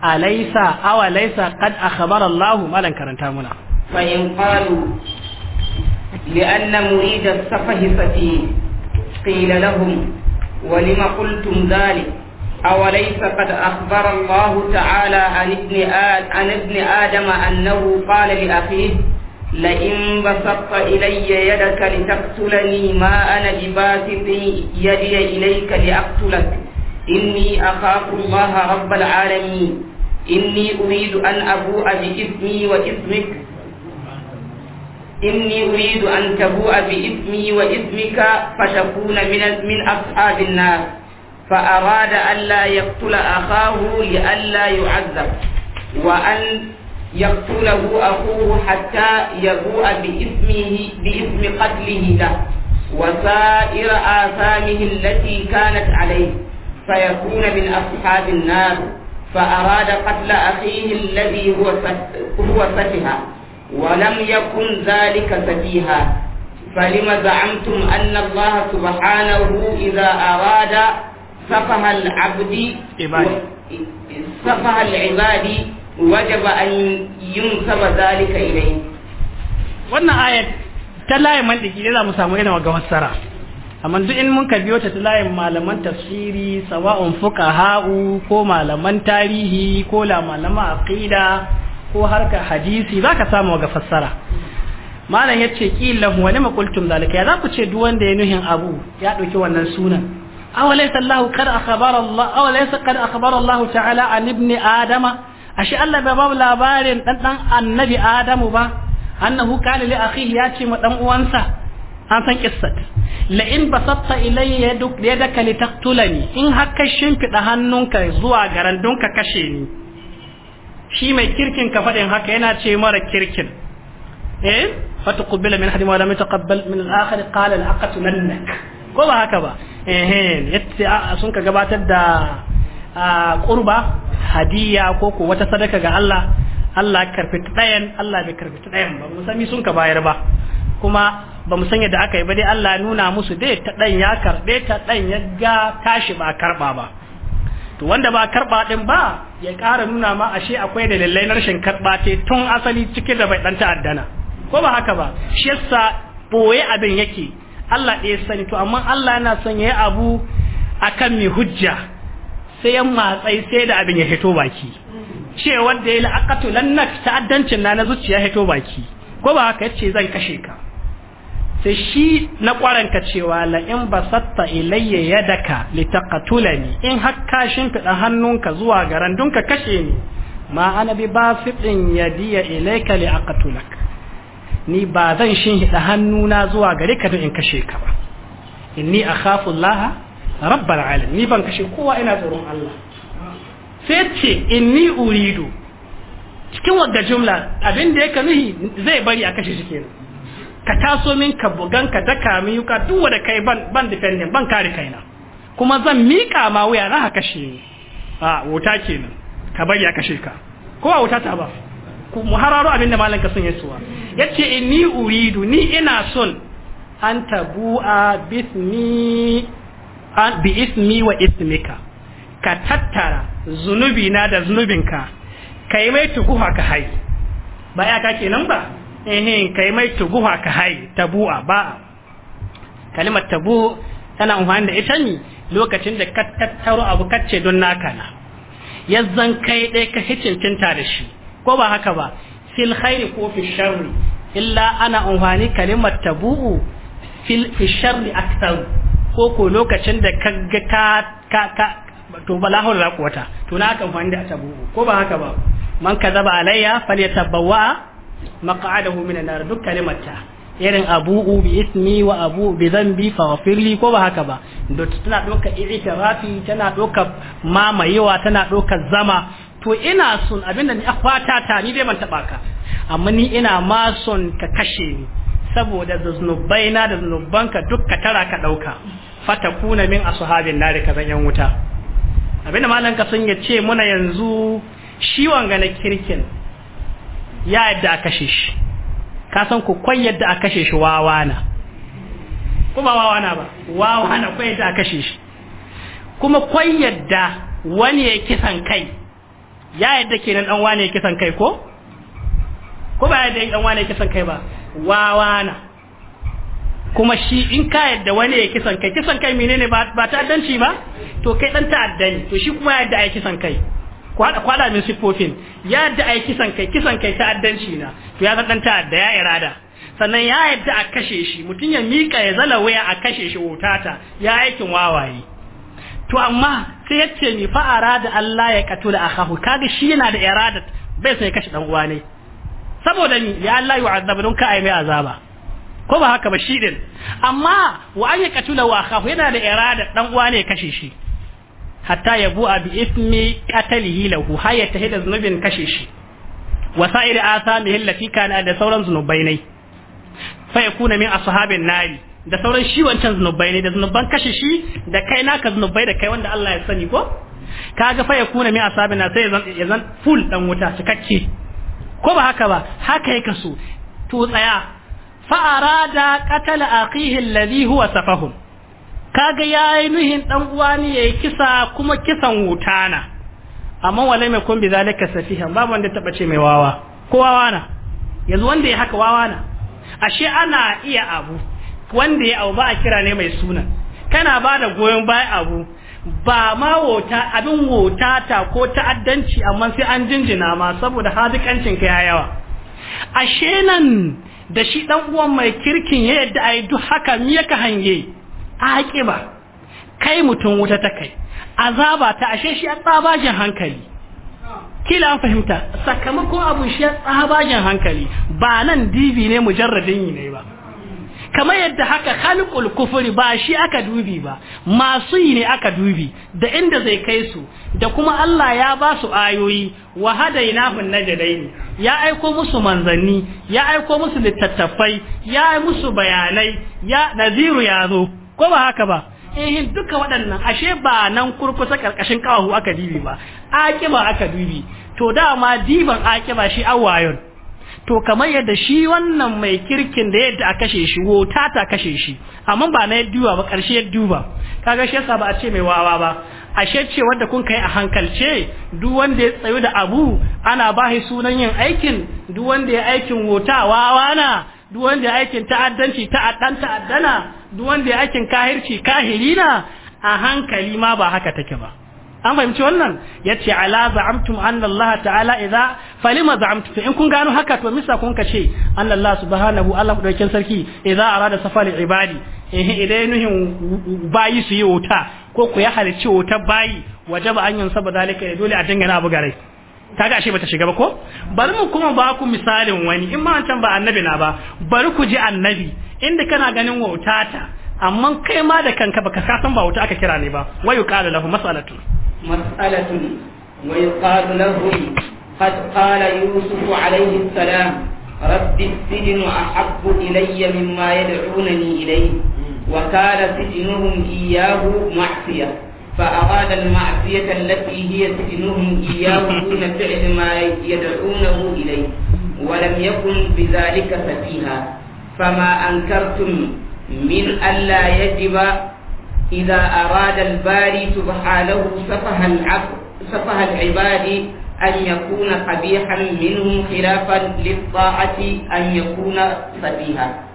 alaysa aw alaysa qad akhbara Allah malan karanta muna fa in qalu li anna murida safahi قيل لهم ولم قلتم ذلك أوليس قد أخبر الله تعالى عن ابن عن ابن آدم أنه قال لأخيه لئن بسطت إلي يدك لتقتلني ما أنا بباسط يدي إليك لأقتلك إني أخاف الله رب العالمين إني أريد أن أبوء بإثمي وإثمك إني أريد أن تبوء بإثمي وإثمك فتكون من من أصحاب النار فأراد ألا يقتل أخاه لئلا يعذب وأن يقتله أخوه حتى يبوء بإثمه بإثم قتله له وسائر آثامه التي كانت عليه فيكون من أصحاب النار فأراد قتل أخيه الذي هو هو فتها ولم يكن ذلك سفيها فلم زعمتم أن الله سبحانه إذا أراد سفه العبد سفه العباد وجب أن ينسب ذلك إليه wannan ayat ta layin mantiki yana mu samu yana ga masara amma in mun ka biyo ta layin malaman tafsiri sawa'un fuqaha'u ko malaman tarihi ko malaman ko harkar hadisi za ka samu ga fassara malam ya ce ƙila wani makultun zalika ya za ku ce duk wanda ya nuhin abu ya ɗauki wannan sunan awalaysa Allah kar akhbara Allah Allah ta'ala an ibn adama ashe Allah bai babu labarin dan dan annabi adamu ba annahu kana li ya ce ma dan uwansa an san kissat la in basatta ilayya yaduk yadaka litaqtulani in hakka shimfida hannunka zuwa garandunka kashe ni shi mai kirkin ka faɗin haka yana ce mara kirkin eh fatuqbila min hadin wa lam yataqabbal min al-akhir qala al-aqtunannak ko ba haka ba eh eh sun ka gabatar da qurba hadiya ko ko wata sadaka ga Allah Allah karfi ta ɗayan Allah bai karfi ta ɗayan ba musami sun ka bayar ba kuma ba mu san yadda aka yi ba dai Allah nuna musu dai ta dan ya karbe ta dan ya ga tashi ba karba ba to wanda ba karba din ba ya ƙara nuna ma ashe akwai dalilai na rashin karba ce tun asali cikin da bai dan ta'addana ko ba haka ba shi yasa boye abin yake Allah ɗaya sani to amma Allah yana son yi abu akan mi hujja sai yan matsai sai da abin ya hito baki ce wanda ya la'akatu lannak ta'addancin na na zuciya hito baki ko ba haka yace zan kashe ka sai shi na kwaranka cewa la in basatta ilayya yadaka litaqtulani in hakka shimfiɗa hannunka zuwa garan dunka kashe ni ma ana bi ba basidin yadiya ilayka li aqtulak ni ba zan shimfiɗa hannuna zuwa gare ka don in kashe ka ba inni akhafu Allah rabbal alamin ni ban kashe kowa ina tsoron Allah sai ce inni uridu cikin wadda jumla abin da ya nuhi zai bari a kashe shi kenan ka taso min ka bugan ka daka min yuka duk wanda kai ban ban defending ban kare kaina kuma zan mika ma wuya na haka shi a wuta kenan ka bar ya kashe ka ko a wuta ta ba ku hararo abin da malam sun ya suwa yace inni eh, uridu ni ina son an tabu'a bismi an bi ismi wa ismika ka tattara zunubi na da zunubinka kai mai tuguha ka hai ba ya ka kenan ba ehin kai mai tuguha ka hai tabu'a ba kalimar tabu tana umarni da ita ne lokacin da ka tattaro abu kacce don naka na yazzan kai dai ka hicincinta da shi ko ba haka ba fil khairi ko fil sharri illa ana umarni kalimar tabu'u fil sharri aktar ko ko lokacin da ka ga ka ka to lahul rakwata to na ka umarni da tabu'u ko ba haka ba man kazaba alayya falyatabawwa maq'adahu minan nar duk kalimar irin abu'u bi ismi wa abu bi zambi li ko ba haka ba don tana doka i'tirafi tana doka mamayewa tana doka zama to ina son abinda ni akwata ta ni dai ban taba ka amma ni ina ma son ka kashe ni saboda zunubaina da zunubanka duk ka tara ka dauka fatakuna min ashabin nar ka zan yan wuta abinda malan ka sun ya ce muna yanzu shi wanga na kirkin ya yadda a kashe shi ka san ku kwai yadda a kashe shi wawa na kuma wawa na ba wawa na kwai yadda a kashe shi kuma kwai yadda wani ya kisan kai ya yadda kenan dan wani ya kisan kai ko ko ba yadda dan wani ya kisan kai ba wawa na kuma shi in ka yadda wani ya kisan kai kisan kai menene ba ta'addanci ba to kai dan addani to shi kuma yadda ai kisan kai kwada kwada min siffofin ya yadda ai kisan kai kisan kai ta'addanci na to ya san dan ta'adda ya irada sannan ya yadda a kashe shi mutum ya mika ya zala waya a kashe shi wutata ya aikin wawaye to amma sai yace ni fa arada Allah ya katula akahu kaga shi yana da irada bai sai kashe dan uwa ne saboda ni ya Allah yu'azzab don ka ai mai azaba ko ba haka ba shi din amma wa an ya katula wa akahu yana da irada dan uwa ne kashe shi hatta yabu bi ismi qatalihi lahu hayya da zunubin kashe shi wa sa'ir asamihi allati kana da sauran zunubai ne fa yakuna min ashabin nari da sauran shi wancan zunubai ne da zunuban kashe shi da kai naka zunubai da kai wanda Allah ya sani ko kaga fa yakuna min ashabin nari sai ya zan full dan wuta cikakke ko ba haka ba haka yake so to tsaya fa arada qatala aqihi alladhi huwa safahum kaga ya yi nuhin dan uwa ne yayi kisa kuma kisan wuta na amma wala mai kun bi zalika safihan babu wanda taba ce mai wawa ko wawa na yanzu wanda ya haka wawa na ashe ana iya abu wanda ya abu ba a kira ne mai suna kana ba da goyon baya abu ba ma wota abin wota ta ko ta'addanci amma sai an jinjina ma saboda hadikancin ka ya yawa ashe nan da shi dan uwan mai kirkin ya yadda ai duk haka mi ka hange aqiba kai mutum wuta ta kai azaba ta ashe shi a tsabajin hankali kila an fahimta sakamakon abu shi a tsabajin hankali ba nan dibi ne mujarradin yi ne ba kamar yadda haka khalqul kufuri ba shi aka dubi ba masu yi ne aka dubi da inda zai kai su da kuma Allah ya ba su ayoyi wa hadainahu najdaini ya aiko musu manzanni ya aiko musu littattafai ya musu bayanai ya naziru ya zo ko ba haka ba eh duka waɗannan ashe ba nan kurkusa karkashin kawahu aka dibi ba akiba aka dibi to dama diban akiba shi awayon to kamar yadda shi wannan mai kirkin da yadda a kashe shi wota ta kashe shi amma ba na duba ba karshe ya duba kaga shi yasa ba a ce mai wawa ba ashe ce wanda kun kai a hankalce duk wanda ya tsayu da abu ana shi sunan yin aikin duk wanda ya aikin wota wawa na duk wanda ya aikin ta'addanci ta'addan ta'addana duk wanda ya aikin kahirci kahiri na a hankali ma ba haka take ba an fahimci wannan yace ala za'amtum anna Allah ta'ala idza falima za'amtum in kun gano haka to misa kun kace anna Allah subhanahu Allah daukin sarki idza arada safali ibadi eh idan nuhin bayi su yi wuta ko ku ya halice wuta bayi wajaba an yunsa dalika dole a na abu garai kaga ashe bata shiga ba ko bari mu kuma ba ku misalin wani in ma can ba annabi na ba bari ku ji annabi inda kana ganin wautata amma kai ma da kanka baka san ba wauta aka kira ne ba wayu qala lahu mas'alatun mas'alatun wa yuqalu lahu qad qala yusuf alayhi salam rabbi as wa ahabbu ilayya mimma yad'unani ilayhi wa kana sijnuhum iyyahu ma'siyah فأراد المعصية التي هي سجنهم إياه دون فعل ما يدعونه إليه ولم يكن بذلك فتيها فما أنكرتم من ألا يجب إذا أراد الباري سبحانه سفه العبد سفه العباد أن يكون قبيحا منهم خلافا للطاعة أن يكون فتيها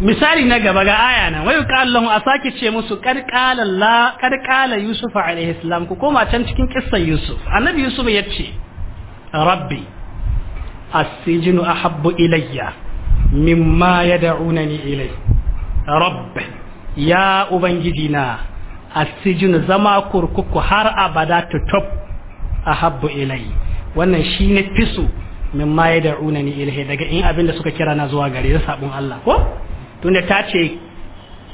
misali na gaba ga aya nan wayu kallahu a sake ce musu kad qala yusuf alaihi salam ku koma can cikin kissan yusuf annabi yusuf ya ce rabbi as-sijnu ahabbu ilayya mimma yad'unani ilay rabb ya ubangiji na as zama kurkuku har abada top ahabbu ilay wannan shine fisu mimma yad'unani ilay daga in abinda suka kira na zuwa gare sabon Allah ko tunda ta ce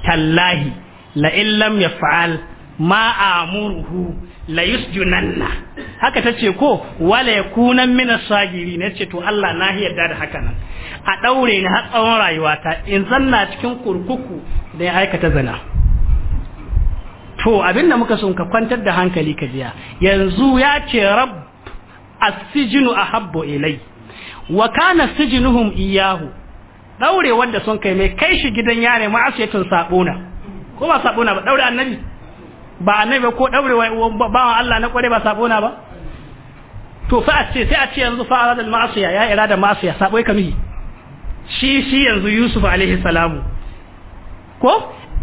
tallahi la illam fa'al ma amuruhu la haka ta ce ko Wale kunan min as-sagiri ce to Allah na yarda da haka nan a ɗaure ni har tsawon rayuwata in zanna cikin kurkuku da ya aikata zana. to abin da muka sun ka kwantar da hankali ka jiya yanzu ya ce rab sijinu a habbo ilai wa kana sijnuhum iyahu daure wanda sun kai mai kai shi gidan yare ma asiyatun sabona ko ba sabona ba daure annabi ba annabi ko daure wa Allah na kware ba sabona ba to fa a ce sai a ce yanzu fa arada al-ma'siya ya irada ma'siya sabo ka mihi shi shi yanzu Yusuf alaihi salamu ko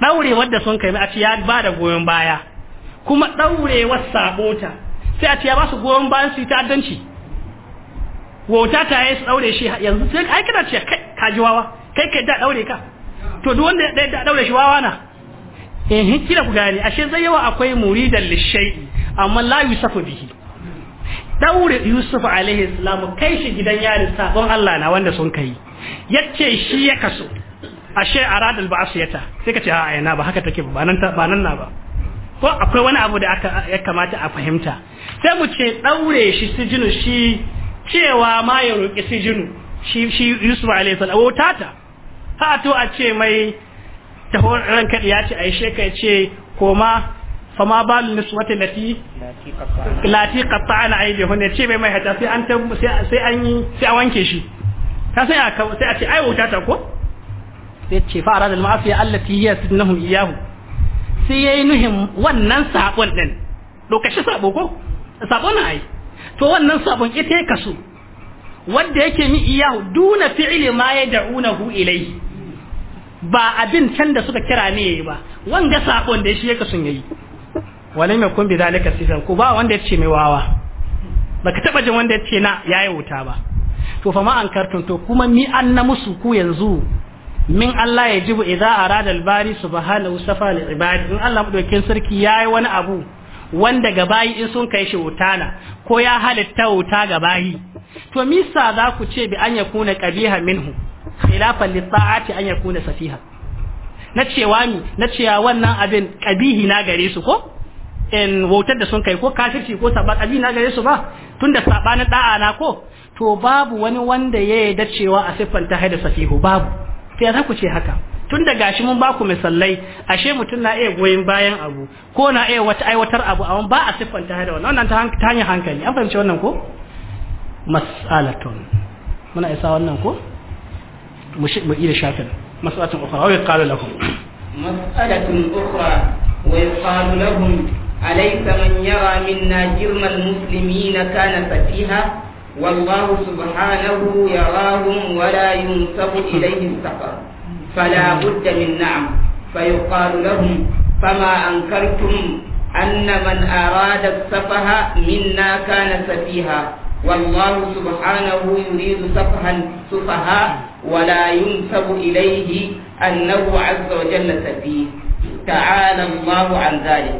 daure wanda sun kai mai a ce ya ba da goyon baya kuma daurewar sabota sai a ce ya ba su goyon bayan su ta addanci wauta ta yi su ɗaure shi yanzu sai ai kana ce kai ka ji wawa kai kai da ɗaure ka to duk wanda da ɗaure shi wawa na eh kila ku gane ashe zai yawa akwai muridan lishai amma la yusafu bihi daure yusuf alaihi salam kai shi gidan yarin sabon Allah na wanda sun kai yace shi ya kaso ashe aradul ba'siyata sai ka ce a'a ina ba haka take ba nan ba nan na ba ko akwai wani abu da aka ya kamata a fahimta sai mu ce daure shi sijinu shi cewa ma ya roƙi sijinu shi Yusuf alaihi a wata ta ha to a ce mai tahon ran ya ce a yi shekai ce koma fama nisu wata lati lati ana qatta'ana aydihunna ce mai mai hata sai an sai an yi sai an wanke shi Ta sai a sai a ce ai wuta ta ko sai ce fa arada al-ma'asiya allati hiya sunnahum iyahu sai yayi nuhim wannan sabon din dokashi sabo ko sabon ai to wannan sabon ita ya kasu wanda yake mi iyahu duna fi'li ma hu ilayhi ba abin can da suka kira ne yayi ba wanda sabon da shi ya kaso yayi mai kun bi zalika sifan ko ba wanda yace mai wawa baka taba jin wanda yace na yayi wuta ba to fa ma an karton to kuma mi an na musu ku yanzu min Allah ya jibu idza arada al-bari subhanahu safa li ibadi in Allah madaukin sarki yayi wani abu wanda gabayi in sun kai shi wutana ko ya halitta wuta gabayi to misa za ku ce bi an yakuna qabiha minhu khilafan lisa'ati an yakuna safiha na cewa ni na cewa wannan abin qabihi na gare su ko in wutar da sun kai ko kafirci ko sabat abi na gare su ba tunda sabanin da'a na ko to babu wani wanda ya yarda cewa a siffanta haida safihu babu sai za ku ce haka tun da gashi mun baku misalai ashe mutum na iya goyin bayan abu ko na iya wata aiwatar abu amma ba a siffanta da wannan wannan ta hanyar hankali an fahimci wannan ko mas'alatun muna isa wannan ko mu shi mu ida shafin mas'alatun ukhra wa yaqalu lahum mas'alatun ukhra wa yaqalu lahum alaysa man yara minna jirma muslimina kana safiha والله سبحانه يراهم ولا ينسب إليه السفر فلا بد من نعم فيقال لهم فما أنكرتم أن من أراد السفه منا كان سفيها والله سبحانه يريد سفها سفها ولا ينسب إليه أنه عز وجل سفيه تعالى الله عن ذلك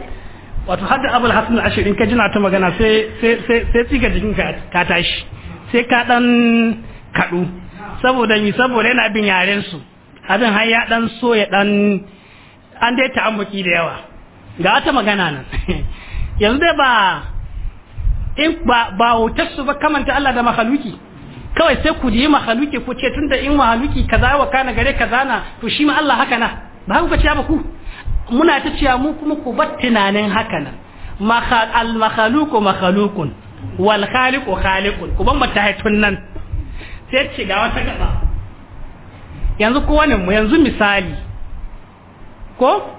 wato hadda abul hasan al in ka jina ta magana sai sai jikin ka tashi sai ka dan kadu saboda ni saboda yana bin yaren abin har ya dan so ya dan an dai ta'ammuki da yawa ga wata magana nan yanzu dai ba in ba ba wutar su ba kamanta Allah da mahaluki kawai sai ku yi mahaluki ku ce tunda in mahaluki kaza wa kana gare kaza na to shi ma Allah haka na ba ku ce ba ku muna ta ciya mu kuma ku bar tunanin haka nan al mahaluku mahalukun wal khaliqu khaliqun ku ban nan sai ce ga wata gaba yanzu kowane mu yanzu misali ko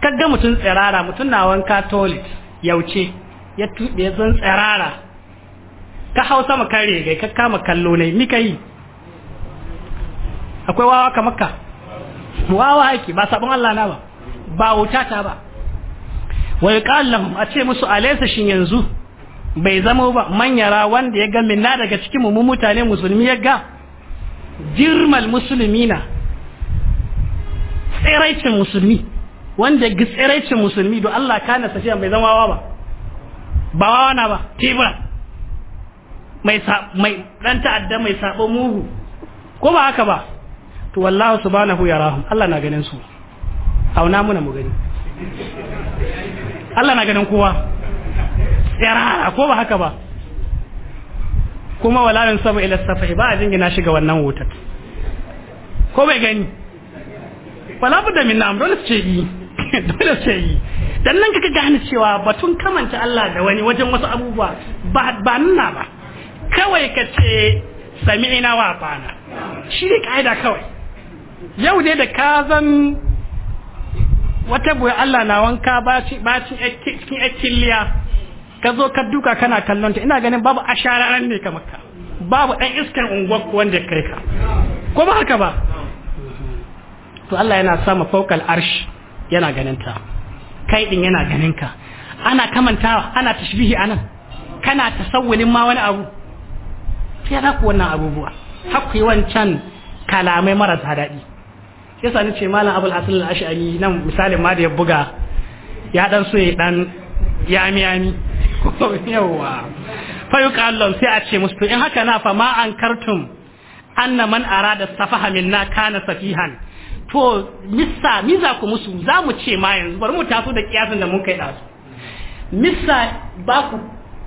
kaga mutum tsirara mutum na wanka toilet yauce ya tuɗe ya zan tsirara ka hau sama kare rigai ka kama kallo ne ni yi akwai wawa ka makka wawa haiki ba sabon Allah na ba ba wuta ta ba wa kallon a ce musu alaysa shin yanzu bai zama ba manyara wanda ya ga minna daga cikin mu mutane musulmi ya ga musulmi na tsiraicin musulmi wanda ga tsiraicin musulmi don Allah kana safiya mai zama ba ba wawa na ba tebura mai mai dan ta'adda mai sabo muhu ko ba haka ba to wallahu subhanahu yarahum Allah na ganin su auna muna mu gani Allah na ganin kowa tsirara ko ba haka ba kuma wala min sabu ila Safa'i ba a jingina shi wannan wutar ko bai gani wala da min nam dole ce yi dole ce yi dan nan kaka gane cewa batun kamanta Allah da wani wajen wasu abubuwa ba ba nuna ba kawai ka ce sami'ina wa fana shi ne ka'ida kawai yau dai da ka zan wata buya Allah na wanka ba cikin killiya ka zo ka duka kana kallon ta ina ganin babu ashararan ne kamar ka babu ɗan iskar unguwar wanda kai ka ko ba haka ba to Allah yana sama faukal arsh yana ganin ta kai din yana ganin ka ana kamantawa ana tashbihi anan kana tasawwulin ma wani abu sai ya ku wannan abubuwa haku yi wancan kalamai marasa daɗi sai sani ce malam abul hasan al-ash'ari nan misalin ma da ya buga ya dan so ya dan yami yami yawwa fa kallon sai a ce musu in haka na fa ma an kartum anna man arada safaha na kana safihan to missa miza ku musu za mu ce ma yanzu bari mu taso da kiyasin da mun kai dasu missa ba ku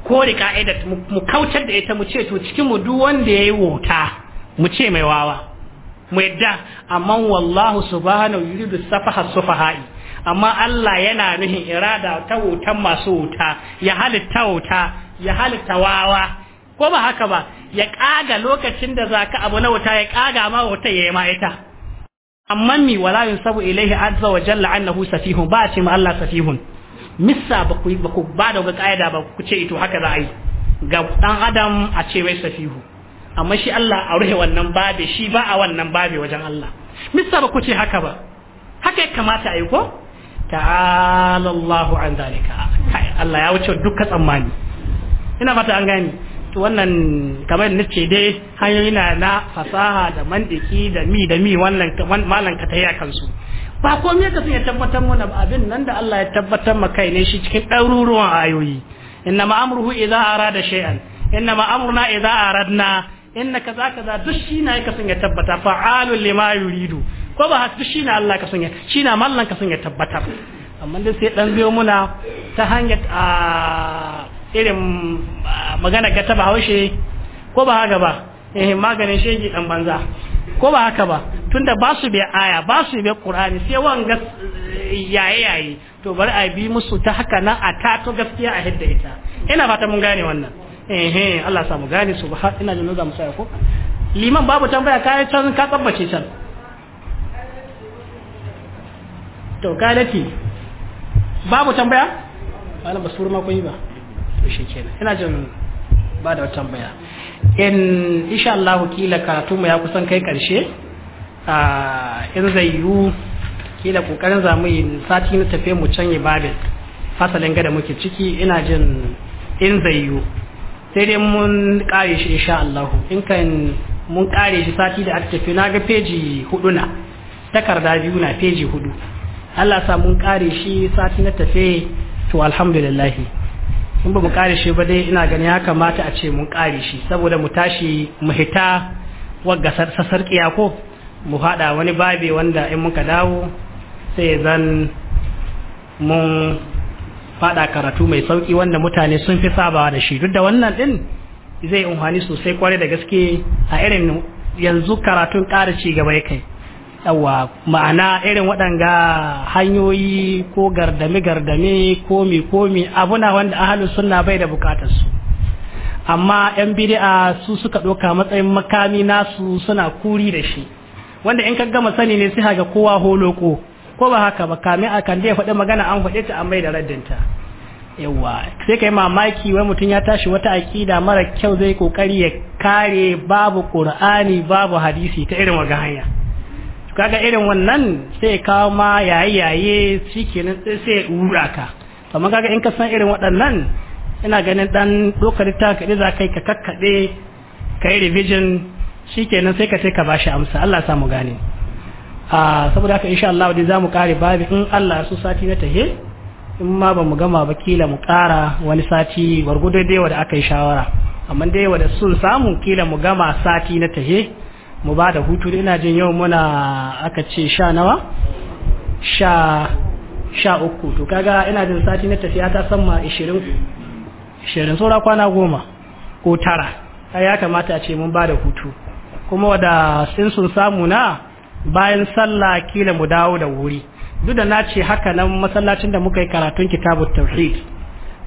kore ka'idar mu kaucar da ita mu ce to cikin mu duk wanda ya yi wuta mu ce mai wawa mu yadda amma wallahu subhanahu yuridu safaha sufaha'i amma Allah yana nuhin irada ta wutan masu wuta ya halitta wuta ya halitta wawa ko ba haka ba ya kaga lokacin da zaka abu na wuta ya kaga ma wuta ya yi ma'aita. amma mi wala sabu ilaihi azza wa jalla annahu safihun ba ce ma Allah safihun missa ba ku ba ku ba da ga'ida ba ku ce ito haka za a yi ga dan adam a ce mai safihu amma shi Allah a ruhe wannan babe shi ba a wannan babe wajen Allah missa ba ku ce haka ba haka ya kamata a yi ko ta'ala Allahu an zalika Allah ya wuce dukkan tsammani ina fata an gani wannan kamar na ce dai hanyoyi na na fasaha da mandiki da mi da mi wannan malan ka tayi akan su ba komai ka sun ya tabbatar mana abin nan da Allah ya tabbatar ma kai ne shi cikin ɗaruruwan ayoyi inna ma'amruhu idza arada shay'an inna ma'amruna idza aradna inna kaza kaza duk shi na yi sun ya tabbata fa'alun lima yuridu ko ba duk shi na Allah ka sun ya shi na mallan ka sun ya tabbata amma dai sai dan biyo muna ta hanyar a irin magana ga ta bahaushe ko ba haka ba eh maganin shege dan banza ko ba haka ba tunda ba su bai aya ba su bai qur'ani sai wanga yaye yaye to bari a bi musu ta haka nan a tato gaskiya a hidda ita ina fata mun gane wannan eh Allah samu gane su ba ina jin za mu saya ko liman babu tambaya ka yi can ka tsabbace can to ka babu tambaya malam basu ma kun yi ba to shi kenan ina jin ba da tambaya in insha Allah kila karatu mu ya kusan kai karshe a in zai yiwu kila kokarin zamu yi sati na tafe mu can ibadin fasalin gada muke ciki ina jin in zai yiwu sai dai mun kare shi insha Allah in kan mun kare shi sati da aka na ga peji hudu na takarda biyu na peji hudu Allah sa mun kare shi sati na tafe to alhamdulillah in ba mu kare shi ba dai ina ganin ya kamata a ce mun kare shi saboda mu tashi mu hita wagga sassarƙiya ko mu haɗa wani babe wanda in muka dawo sai zan mun Faɗa karatu mai sauki wanda mutane sun fi sabawa da shi duk da wannan din zai amfani sosai kwarai da gaske a irin yanzu karatun ƙara ci gaba ya kai yawa ma'ana irin waɗanga hanyoyi ko gardame gardame komi komi abuna wanda ahalin suna bai da bukatar su amma yan bid'a su suka ɗauka matsayin makami nasu suna kuri da shi wanda in ka gama sani ne sai ga kowa holoko ko ba haka ba kamin a kan ya faɗi magana an faɗe ta an bai da raddinta yawa sai kai mamaki wai mutum ya tashi wata aƙida mara kyau zai kokari ya kare babu qur'ani babu hadisi ta irin waga hanya kaga irin wannan sai kawo ma yayi shikenan sai wura ka amma kaga in ka san irin waɗannan ina ganin dan dokar ta ka za kai ka kakkade kai revision shikenan sai ka sai ka bashi amsa Allah ya samu gane saboda haka insha Allah dai zamu kare babi in Allah su sati na tahe in ma ba mu gama ba kila mu kara wani sati gwargwado dai wanda aka yi shawara amma dai wanda sun samu kila mu gama sati na tahe mu ba da hutu ina jin yau muna aka ce sha nawa sha sha uku to kaga ina jin sati na tafiya ta ma 20 20 saura kwana goma ko tara ya kamata a ce mun ba da hutu kuma wada sun sun samu na bayan sallah kila mu dawo da wuri duk da na ce haka nan masallacin da muka yi karatun kitabu tauhid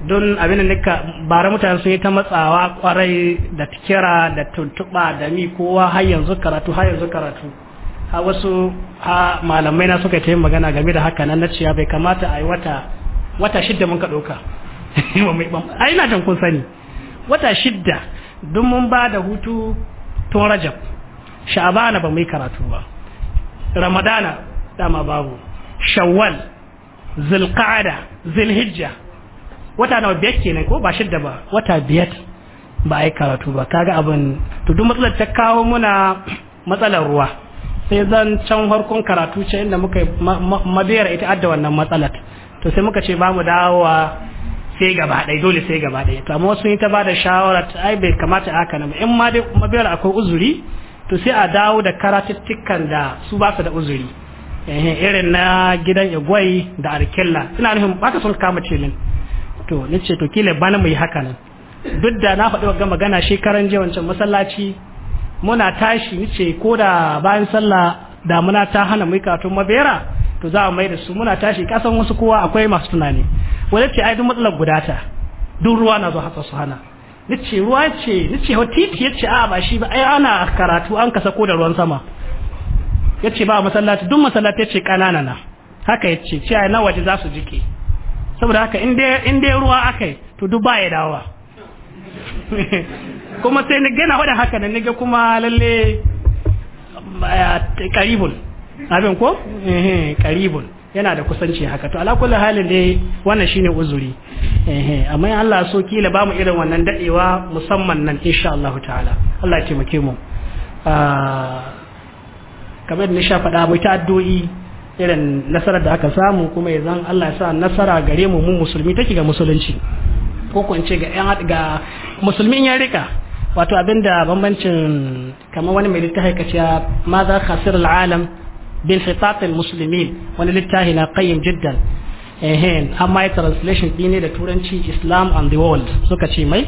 don abin da nika bara mutane sun yi ta matsawa kwarai da kira da tuntuɓa da mi kowa har yanzu karatu har yanzu karatu a wasu a malamai na suka yi magana game da haka nan na ce bai kamata a yi wata wata shidda mun ka doka a ina jan kun sani wata shidda don mun ba da hutu tun rajab sha'abana ba mu yi karatu ba ramadana dama babu shawwal zulqa'ada zulhijja wata nawa biyar kenan ko ba shidda ba wata biyar ba a yi karatu ba kaga abin to duk matsalar ta kawo muna matsalar ruwa sai zan can harkon karatu ce inda muka madayar ita adda wannan matsalar to sai muka ce ba mu dawowa sai gaba ɗaya dole sai gaba ɗaya to amma wasu yi ta ba da shawara ai bai kamata haka nan in ma dai mabiyar akwai uzuri to sai a dawo da karatuttukan da su ba su da uzuri irin na gidan igwai da arkilla ina nufin ba ta sun kama cilin to ni ce to kila bana mu haka nan duk da na faɗi wa magana shekaran jiya wancan masallaci muna tashi ni ce ko da bayan sallah damuna ta hana mai karatun mabera to za a mai da su muna tashi kasan wasu kowa akwai masu tunani wani ce ai duk matsalar gudata duk ruwa na zo hatsa su hana nace ruwa ce nace wa titi yace a ba shi ba ai ana karatu an kasa ko da ruwan sama yace ba masallaci duk masallaci yace kanana na haka yace ce ai na waje za su jike saboda haka in dai in dai ruwa akai to duk ba ya dawowa kuma sai ni gana wadda haka nan nige kuma lalle karibul eh, abin ko karibul eh, yana da kusanci haka to ala kullu halin dai wannan shine uzuri eh amma in Allah so kila bamu irin wannan dadewa musamman nan insha Allah ta'ala Allah ya taimake mu ah, kamar ni sha fada mu ta addu'o'i irin nasarar da aka samu kuma yanzu Allah ya sa nasara gare mu mu musulmi take ga musulunci ko ko ce ga ga musulmin ya rika wato abinda bambancin kamar wani mai littafi kace ma za khasir al'alam bin hitatun musulmin wani littafi na qayyim jiddan ehen amma ya translation ɗi ne da turanci islam and the world suka ce mai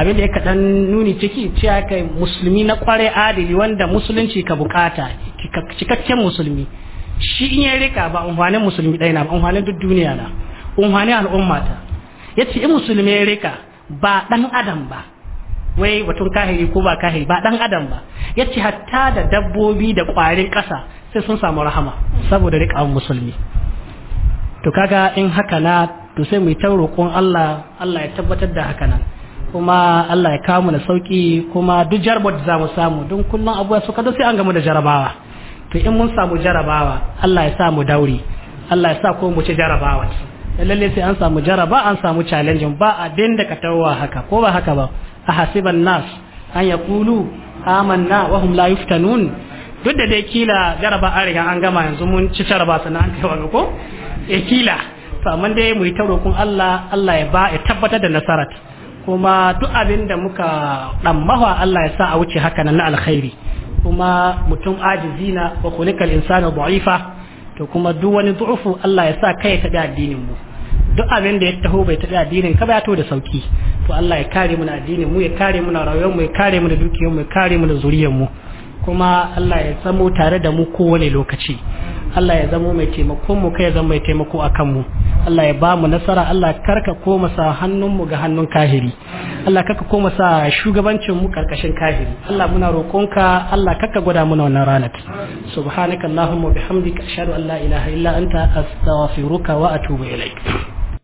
abinda ya kaɗan nuni ciki ce kai musulmi na kware adili wanda musulunci ka bukata cikakken musulmi shi in ya rika ba amfanin musulmi ɗaya na ba duk duniya na amfanin al'umma ta ya ce in musulmi ya rika ba ɗan adam ba wai batun kahiri ko ba kahiri ba ɗan adam ba ya ce hatta da dabbobi da ƙwarin ƙasa sai sun samu rahama saboda riƙa musulmi to kaga in haka na to sai mu ta roƙon Allah Allah ya tabbatar da haka nan kuma Allah ya kawo da sauki kuma duk jarabar da za mu samu don kullum abuwa suka da sai an gamu da jarabawa to in mun samu jarabawa Allah ya sa mu dauri Allah ya sa ko mu ci jarabawa lalle sai an samu jaraba an samu challenge ba abin da ka tawowa haka ko ba haka ba a hasiban nas an yaqulu amanna wa hum la yuftanun duk da dai kila jaraba an riga an gama yanzu mun ci jaraba sannan an kai wani ko e kila to amma dai mu yi ta roƙon Allah Allah ya ba ya tabbatar da nasarat kuma duk abin da muka dan mahwa Allah ya sa a wuce haka nan na alkhairi kuma mutum ajizina wa khuliqal insanu da'ifa to kuma duk wani du'ufu Allah ya sa kai ya tabi addinin mu duk abin da ya taho bai tabi addinin ka ba to da sauki to Allah ya kare mu na addinin mu ya kare mu na rayuwar mu ya kare mu da dukiyar mu ya kare mu da zuriyar mu kuma Allah ya zamo tare da mu kowane lokaci Allah ya zamo mai taimakon mu kai ya zama mai taimako a kanmu Allah ya ba mu nasara Allah karka koma sa hannunmu ga hannun kahiri Allah karka koma sa shugabancin mu karkashin kahiri Allah muna roƙonka Allah karka gwada muna wannan ranar subhanakallahumma bihamdika ashhadu an la ilaha illa anta astaghfiruka wa atubu ilaik